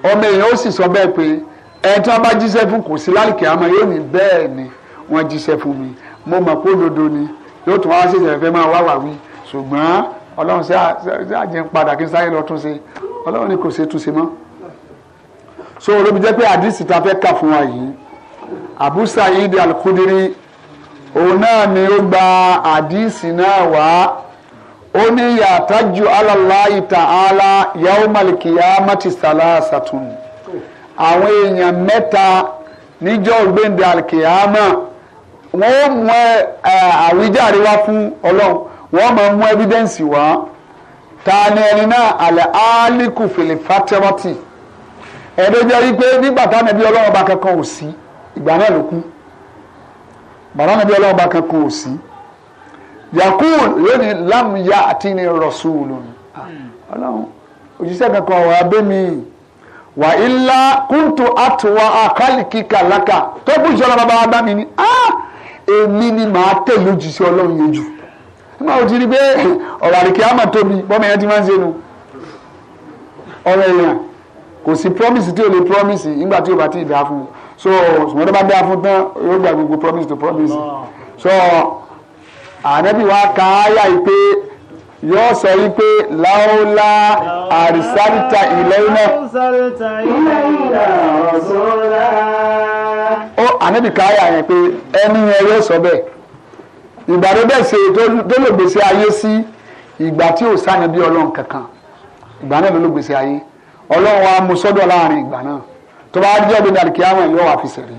S2: ọmọ èèyàn ó sì sọ bẹ́ẹ̀ pé ẹni tí wọ́n bá jíṣẹ́ fún kò sí lálùkì àmọ́ yóò ní bẹ́ẹ̀ ni wọ́n jíṣẹ́ fún mi mo mọ̀ pé òdodo ni yóò tún wá sí ìṣẹ̀fẹ́ máa wá wà wí ṣùgbọ́n ọlọ́run ṣe àjẹun padà kí n sáré lọ ṣe ọlọ́run ni kò ṣe túnṣe mọ́ so olóbi jẹ́ pé àdìsí ta fẹ́ kà fún wa yìí Abu Sa'id al-Khudri òun náà ni ó gba àdìsí náà wá ó ní yàtájú alàláyé tààlà yàwùmálìkìyà mátìsálà sàtún àwọn èèyàn mẹ́ta níjọ́ gbẹ̀ndẹ̀ àlìkìyàmà wọ́n mú àwíjàre wá fún ọlọ́run wọ́n máa mú ẹ́fídẹ́ǹsì wá ta ni ẹni náà àlẹ́ áálíkù fèlè fátẹ́rọ́tì ẹ̀ẹ́dẹ́ jẹ́ wípé nígbà táwọn ẹbí ọlọ́run bá kankan ò sí ìgbà náà ló kú bàbá ẹbí ọlọ́run bá kankan ò sí yakul yóò ní lam ya àti ní rọ̀ṣùlù ah, ọlọ́run òjíṣẹ́ kankan wà á bẹ́ mi wà ilá kúntù àtúwà àkálìkì kàlákà tó kú ìṣọ́ra bàbá wa bá mi ni ah, èmi ni màá tẹ̀lé òjíṣẹ́ ọlọ́run yẹn jù nígbà wo ti rí pé ọ̀rọ̀ àríkè àmọ̀ tóbi bọ́mọ yẹn ti máa ń ṣe nu ọ̀rọ̀ èèyàn kò sí promise tí o lè promise nígbà tí o bá ti dá fún so ṣùgbọ́n bá dá fún tán yóò gba gbogbo promise to promise so ànábì wa ka áyà yìí pé yóò sọ yìí pé láwùlá àrísàlítà ilẹ̀ iná. ó ànábì ka áyà yẹn pé ẹni yẹn yóò sọ bẹ́ẹ̀ ìgbà tó bẹ́ẹ̀ ṣe tó lè gbèsè ayé sí ìgbà tí ò sáni bí ọlọ́run kankan ìgbà náà ló ló gbèsè ayé ọlọ́run wa mú sọ́dọ̀ láàrin ìgbà náà tó bá jẹ́ bí dàrí kíá wọn yóò fi sẹ̀rí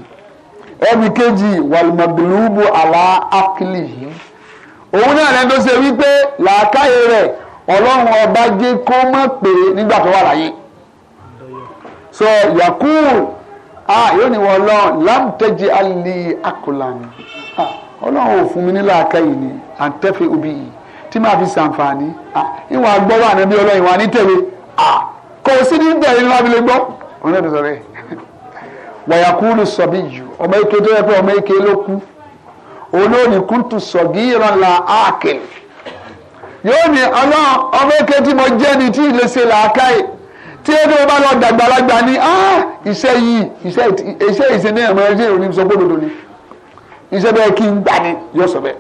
S2: ẹbí kejì wàlùmọ̀gbìlúbù àlá ákìlì yìí
S1: òun náà lẹ́nu tó ṣe
S2: wípé làákàyè rẹ̀ ọlọ́run ọba jẹ́ kó mọ̀ pé nígbà tó wà láyé so yakuru ah yóò ní wọ́n lọ lámtẹ́jì alẹ́ akọlànà ọlọ́run ò fún mi ní làákàyè ni àǹtẹ́fẹ́ obì yìí tí màá fi ṣàǹfààní ìwọ̀n agbọ́ wà níbi ọlọ́run ìwọ̀n anítẹ̀wé kò sí ní bẹ̀rẹ̀ ní lábílẹ̀ gbọ́ òun náà ti sọ bẹ́ẹ̀ wàyàkúrú sọ bí yù ọmọ èké tó yẹ pé ọmọ èké ló kú olóòní kúntù sọ̀gí ìrànlá áàkìl yóò ní ọlọ́run ọmọ èké tí mo jẹ́ ni tí ilé ṣe làákàyè tí ebi mo bá lọ dàgbàlagbà ni iṣẹ́ yìí iṣẹ́ ìṣe ní ẹ̀mọ́ ẹ̀ṣẹ́ ìròyìn sọ pé lòdò ni iṣẹ́ bẹ́ẹ̀ kí n gbani yóò sọ bẹ́ẹ̀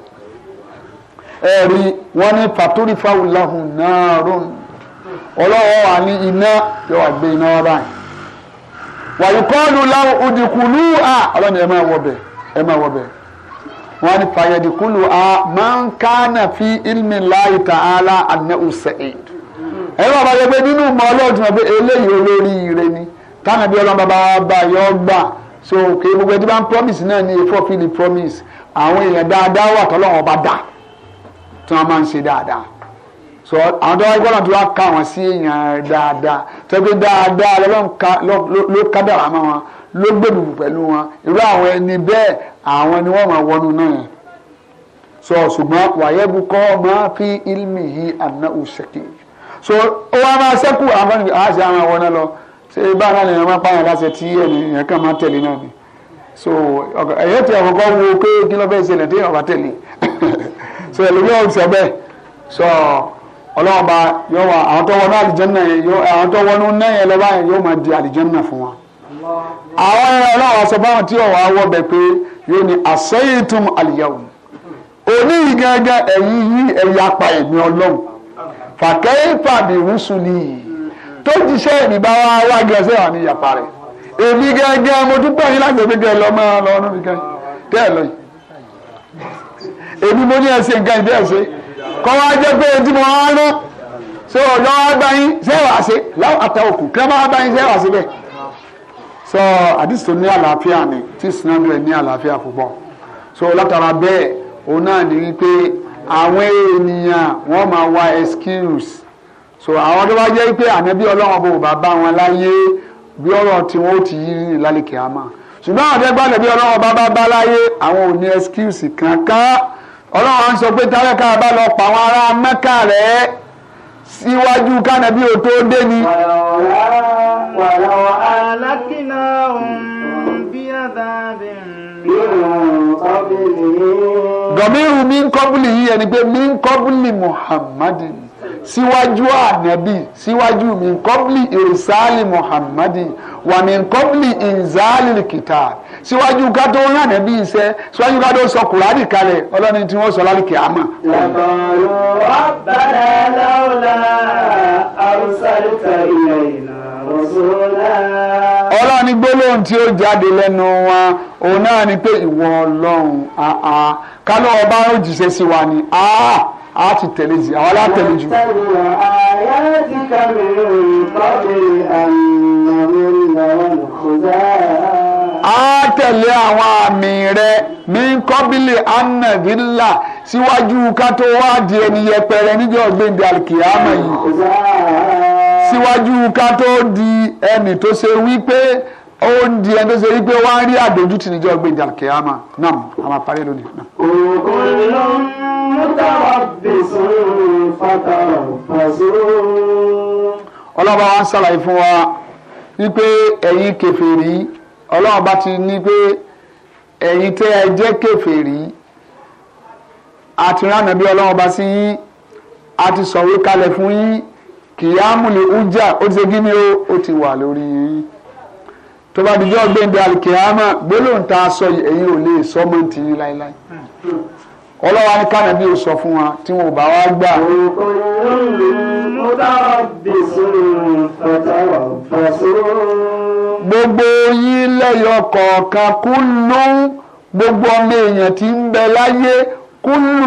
S2: ẹ̀rí wọn ní fàtórí fáwọn làhùn náà rún ọlọ́wọ́ wà ní iná yóò wà gbé iná báyìí wàyí kọ́ọ̀lù làwọn òdìkùlù à ọlọ́ni ẹ̀ máa wọ bẹ̀ ẹ̀ máa wọ bẹ̀ wọ́n ní fàyẹ̀dìkúlù a máa ń kánà fi ilmi láì ta'ala anahu sa'id. ẹ bá bàbá yẹ pé nínú ìmọ̀ ọlọ́run ti mọ̀ pé eléyìí olóríire ni táwọn ẹbí ọlọ́run bàbá bá yọ gbà so kì í gbogbo ẹni bá ń promise náà ní efo fi ni promise àwọn èèyàn dáadáa wà tọ́lọ́run ọba dà tí wọ́n máa ń ṣe dáadáa so àwọn tó wá gbọ́dọ̀ tó wá ká wọn sí èèyàn dáadáa tó gbé dáadáa ló kádàrá mọ́ wọn ló gbèdùkù pẹ̀lú wọn irú àwọn ẹni bẹ́ẹ̀ àwọn ni wọ́n máa wọnú náà yẹn so ṣùgbọ́n wàyẹ́bù kọ́ máa fi ilmi yìí àná òṣèké so ó wá máa ṣẹ́kù àwọn àṣẹ àwọn àwọn náà lọ ṣé bá náà lèèyàn máa pààyàn láṣẹ tí ènìyàn kan máa tẹ̀lé náà ni so ẹ̀yẹ́ tí àkọ́kọ́ wo pé kí ló fẹ́ ṣẹlẹ̀ tí ọ̀bá tẹ̀lé so ẹlòmíràn ò sọ bẹ́ẹ̀ so ọlọ́run bá yóò wá àwọn tó wọnú àlìjẹ́nà yẹn yóò àwọn tó wọnú náà yẹn lọ́ba yẹn yóò máa di àlìjẹ́nà fún wa. àwọn ẹ̀rọ ọlọ́run aṣọ báwọn tí ọ̀wá wọ bẹ̀ pé yóò ní àṣẹ́yìntún àlìyáwó òní yìí gẹ́gẹ́ ẹ̀yìn yìí ẹ̀yìn apá ẹ̀mí ọlọ́run fàkẹ́yìn fàbí rúṣù nìyí tó jíṣẹ́ èmi bá wá wá gẹ̀ẹ́sẹ̀ wà ní ìyàpá rẹ̀ èmi gẹ́gẹ́ mo dúpẹ́ yín láti ẹ̀mí gẹ́gẹ́ lọ́mọ lọ́rùn mi gẹ́gẹ́ tẹ́ ẹ̀ lọ́yìn èmi mo ní ẹ̀sìn nǹkan ìbí ẹ̀sìn kọ́ wá jẹ́ pé ojú mọ́ wá rán so lọ́wọ́ agbáyín sẹ́wàá ṣe láwọn àtàwọ̀kù kí wọ́n bá agbáyín sẹ́wàá ṣe bẹ́ẹ̀ so àdìsí tó ní àlàáfíà ni tí sinamu rẹ̀ ní àlàáfíà púpọ̀ so látara bẹ́ẹ̀ òun náà ní wípé àwọn ènìyàn wọ́n máa wá excuse so àwọn tó bá jẹ́ pé ànábí ọlọ́run bò bá bá wọn láyé bí ọ̀rọ̀ tí wọ́n ó ti yí ní lálẹ́ kìámà ṣùgbọ́n àwọn tẹ́gbàdàbí ọlọ́run bá bá bá láyé àwọn ò ní excuse kankan ọlọ́run sọ pé tálákà bá lọ pa àwọn ará mẹ́kà rẹ̀ síwájú kánàbí ò tó dé ni.
S1: alákìlá òun bí àdáàbì
S2: mi gọ̀míhù mi ń kọ́bùlì yìí ẹni pé mi ń kọ́bùlì muhammadu síwájú ànábì síwájú mi ń kọ́bùlì ìrìsàlì muhammadu wà mi ń kọ́bùlì ìnzàlì kìtà síwájú ká tó rán ànábì iṣẹ́ síwájú ká tó sọ kùránì kalẹ̀ ọlọ́ni tí wọ́n sọ lálùkì àmọ́.
S1: lọ́kọ̀ọ́rù ọ̀bàdà láwùlà àrùsálùkà
S2: ilẹ̀ ìlà rọ̀ṣọ́lá. ọlọ́ni gbólóhùn tí ó jáde lẹ́nu wa òun náà ni pé ìwọ ọlọ́run kálọ̀ ọba ó jìṣẹ́ sí wa ni a ti tẹ̀lé jù àwọn alátẹ̀lé jù.
S1: àyà ti kàwé òyìnbó bẹ̀rẹ̀ àyìnbó lọ́wọ́
S2: á tẹ̀lé àwọn àmì rẹ ní kọ́bílì anadilla síwájú ká wá di ẹni yẹpẹrẹ níjọ́ gbèǹde alikiyama yìí síwájú ká di ẹni tó ṣe wípé ó ń di ẹni tó ṣe wípé wá rí àdójútì níjọ́ gbèǹde alikiyama náà àwọn àparí lónìí náà.
S1: ló ń mú táwọn
S2: bèsè fata fàṣọ. ọlọ́ba wa ń ṣàlàyé fún wa wípé ẹ̀yin kèfèrí ọlọ́run bá ti ní pé ẹ̀yin tẹ́ ẹ jẹ́ kèfèrí àti ránà bí ọlọ́run bá sí yín àti sọ̀rọ̀ kalẹ̀ fún yín kìyàmù ní ujà ó ti ṣe kí ni ó ó ti wà lórí yín tó bá dijọ́ gbẹ̀ndẹ̀ alikiyama gbólóhùn tá a sọ yìí ẹ̀yin ò lè sọ mọ́ ti yín láéláé ọlọ́wà ní kánà bí ó sọ fún wa tí wọn ò bá wá gbà. òun ló ń
S1: mú dára bí sóun fẹ́tà
S2: wà fẹ́ sóun. gbogbo yín lẹ́yọ kọ̀ọ̀kan kúlù gbogbo ọmọ èèyàn tí ń bẹ láyé kúlù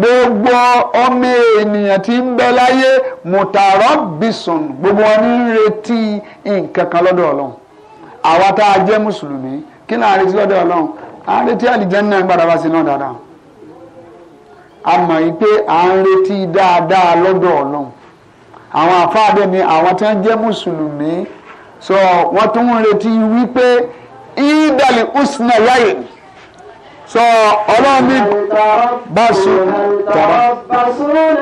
S2: gbogbo ọmọ ènìyàn tí ń bẹ láyé gbogbo wọn ń retí nǹkan kan lọ́dọ̀ musulumi àwa tá a mùsùlùmí kí ni retí lọ́dọ̀ gbàdá bá sí náà dáadáa a retí dáadáa àwọn so wọ́n tún ń retí wípé ìdàlí usna yáyè so ọlọ́run mi bá su
S1: tọ̀rọ̀. ọlọ́run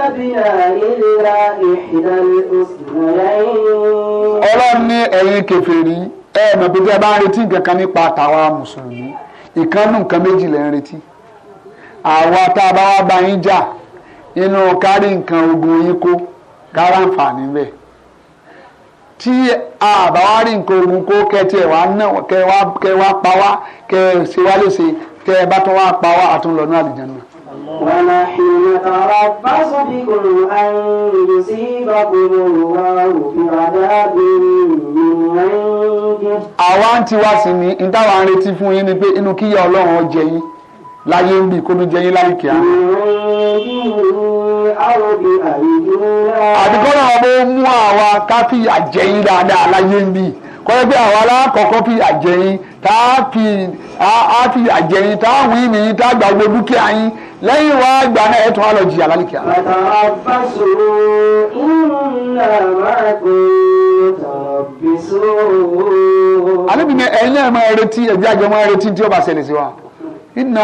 S2: ní ẹ̀yin kèfèrí ẹ mọ̀ pé bí ẹ bá ń retí nǹkan kan nípa tàwa mùsùlùmí ìkànnù nǹkan méjì lẹ́ ń retí àwa tá a bá wá bá yín jà inú kárí nǹkan ogun yín kó kára ń fà níbẹ̀ tí àbá wa rí nǹkan ogun kó kẹtì ẹ wá náà kẹ wá kẹ wá pa wá kẹ ṣe wá léṣe kẹ ẹ bá tún wá pa wá àtúnlọ náà àlùjánnà.
S1: ونحن نتربص بكم أن يصيبكم الله بعذاب من عنده.
S2: àwa ń tiwa sí ni n táwa ń retí fún yín ni pé inú kíyà ọlọ́run ó jẹ yín láyé ń bì kó ló jẹ yín láyé kíá.
S1: ìròyìn yìí àdìgbọ́n àwọn ọmọ
S2: mú àwa ká fi àjẹyìn dáadáa láyé ń bì kọ́lẹ́ pé àwọn alákọ̀ọ́kọ́ fi àjẹyìn tá fi àjẹyìn tá a wí nìyí tá a gba gbogbo dúkìá yín lẹ́yìn wá gbà náà ẹ̀ tún á lọ jìyà bàtà ńlá máa ẹ̀yin náà máa retí ẹ̀bí àjọ máa retí tí ó bá ṣẹlẹ̀ sí wa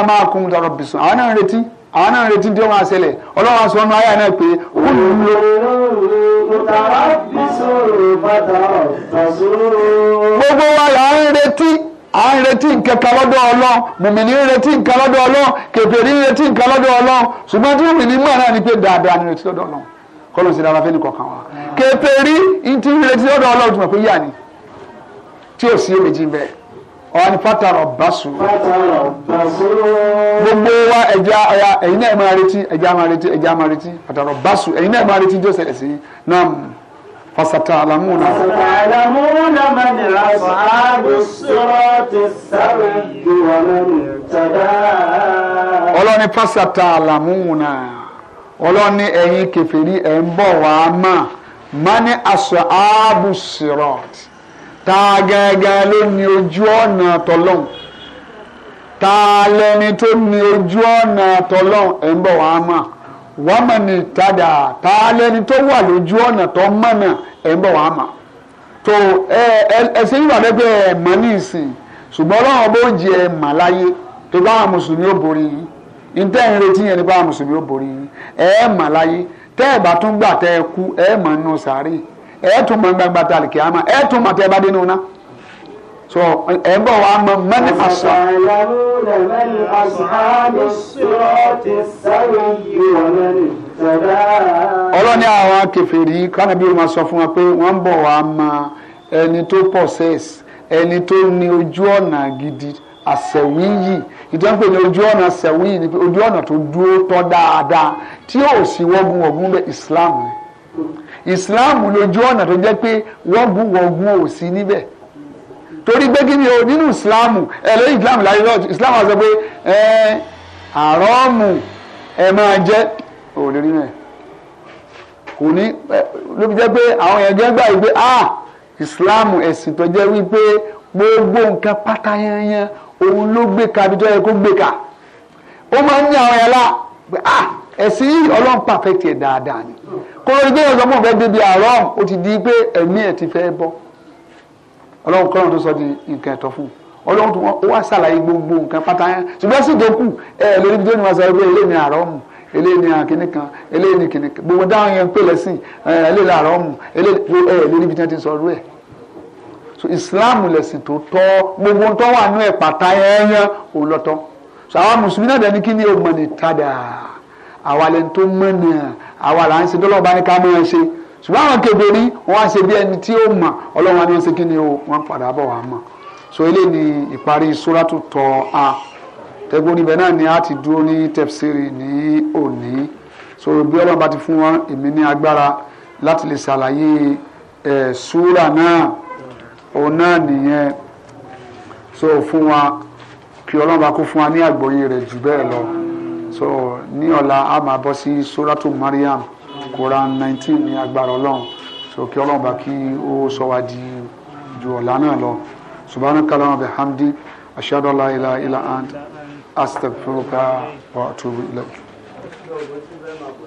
S2: máa bìsọ. àwọn náà retí tí ó máa ṣẹlẹ̀ ọlọ́wọ́ aṣọ ọ̀nà ayé náà pé ó lò ó lò. gbogbo wa là ń retí à ń retí nǹkan kan lọ́dọ̀ Ọlọ́run mùmìnì ń retí nǹkan lọ́dọ̀ Ọlọ́run kèfèrí ń retí nǹkan lọ́dọ̀ Ọlọ́run ṣùgbọ́n tí mùmìnì mọ̀ náà ni pé dáadáa ni retí lọ́dọ̀ Ọlọ́run kọ́ ló ń ṣe dára fẹ́ni kọ̀ọ̀kan wa kèfèrí ń ti retí lọ́dọ̀ Ọlọ́run tó mọ̀ pé yíyà ni tí ò sí èméjì bẹ́ẹ̀ ọ̀hún fàtàrọ̀ bàṣù. fàtàrọ̀ gbogbo wa ẹja ọya ẹ̀yin náà máa retí ẹja máa retí ẹja máa retí fàtàrọ̀ bàṣù ẹ̀yin náà máa retí yóò ṣẹlẹ̀ sí náà fasata alamuna. fasata
S1: alamuna mani asahabu sirati sabi wàlúù
S2: tada. ọlọ́ni fasata alamuna ọlọ́ni ẹ̀yin kẹfìrí ẹ̀ ń bọ̀ wá mà mani ta gẹ́gẹ́ ló ní ojú ọ̀nà tọ́lọ́hún ta lẹni tó ní ojú ọ̀nà tọ́lọ́hún ẹ̀ ń bọ̀ wá mà wọ́n mọ̀ ní ìtajà ta lẹni tó wà lójú ọ̀nà tó mọ̀nà ẹ̀ ń bọ̀ wá mà tó ẹ ẹ ẹsẹ̀ yìí wà lẹ́gbẹ́ ẹ̀ mọ́ ní ìsìn ṣùgbọ́n ọlọ́run bó jẹ ẹ̀ mà láyé tó bá àwọn mùsùlùmí ó borí yìí ntẹ́ ń retí yẹn ni bá àwọn mùsùlùmí ó borí yìí ẹ̀ mà láyé tẹ́ ẹ̀ bá tún gbà tẹ́ ẹ kú ẹ̀ mà nù sàárè ẹ tún mọ gbangba tá a lè kí ma ẹ tún bá dé nínú náà so ẹ bọ wa mọ mẹni asa. ọlọ́ni àwọn kèfèrí kánàbí wọn sọ fún wa pé wọ́n ń bọ̀ wá ma ẹni tó possess ẹni tó ní ojú ọ̀nà gidi àsẹ̀wìn yìí ìdánwò ní ojú ọ̀nà àsẹ̀wìn yìí ni pé ojú ọ̀nà tó dúró tọ́ dáadáa tí yóò sì wọ́gun ọ̀gùn bẹ́ẹ̀ Islam ni ìsìláàmù lójú ọ̀nà tó jẹ́ pé wọ́gbùwọ́gbù ò sí níbẹ̀ torí pé kí ni o nínú Islamu, ẹ lórí ìsìláàmù láyé lọ́jọ́ ìsìláàmù á sọ pé ẹ àrọ́ọ̀mù ẹ máa jẹ́ ò lórí náà kò ní ló fi jẹ́ pé àwọn èèyàn gẹ́gẹ́ gbà wípé ah Islamu ẹ̀sìn tó jẹ́ wípé gbogbo nǹkan pátá yanyan òun ló gbé ka bí tó yẹ kó gbé ka ó máa ń ní àwọn ẹ̀la ah ẹ̀sìn yìí ọlọ́run pàfẹ́tì ẹ̀ dáadáa ni kólórí pé ọ̀sán mọ̀ fẹ́ débi àárọ̀ ó ti di pé ẹ̀mí ẹ̀ ti fẹ́ bọ́ ọlọ́run kọ́run tó sọ di nǹkan ẹ̀tọ́ fún ọlọ́run tó wọ́n ó wá ṣàlàyé gbogbo nǹkan pátá yẹn ṣùgbọ́n sì dẹ́kù ẹ̀ lórí bí tóní wọn sọ eléyìí ni àárọ̀ mu eléyìí ni àkíní kan eléyìí ni kìnní kan gbogbo dáhùn yẹn ń pè lẹ́sìn ẹ̀ eléyìí ni àárọ̀ eléyìí lórí bí tóní ti sọ so islam lẹ̀sìn tó tọ́ gbogbo tó wà nú so àwọn mùsùlùmí náà dẹni kí ni o mọ̀nì tadà àwa àwa là ń ṣe dọ́lọ́wọ́ bá ní ká máa ṣe ṣùgbọ́n àwọn kèfèrí wọ́n á ṣe bí ẹni tí ó mọ̀ ọlọ́run ni wọ́n ṣe kí ni o wọ́n padà bọ̀ wá mọ̀ so eléyìí ni ìparí sóràtú tọ́ a tẹ́gbọ́n ibẹ̀ náà ni a ti dúró ní tẹ̀síìrì ní òní so bí ọlọ́run bá ti fún wọn èmi ní agbára láti lè ṣàlàyé ẹ̀ sóra náà òun náà nìyẹn so fún wa kí ọlọ́run bá kó fún wa ní àgbọ́yé rẹ̀ jù bẹ́ẹ̀ lọ so ní ọ̀la a máa bọ́ sí suratu Mariam Quran nineteen ní agbára ọlọ́run so kí ọlọ́run bá kí ó sọ wá di ju ọ̀la náà lọ subhanaka Allahumma bihamdi ashhadu an la ilaha illa ant
S1: astaghfiruka wa
S2: atubu ilaik.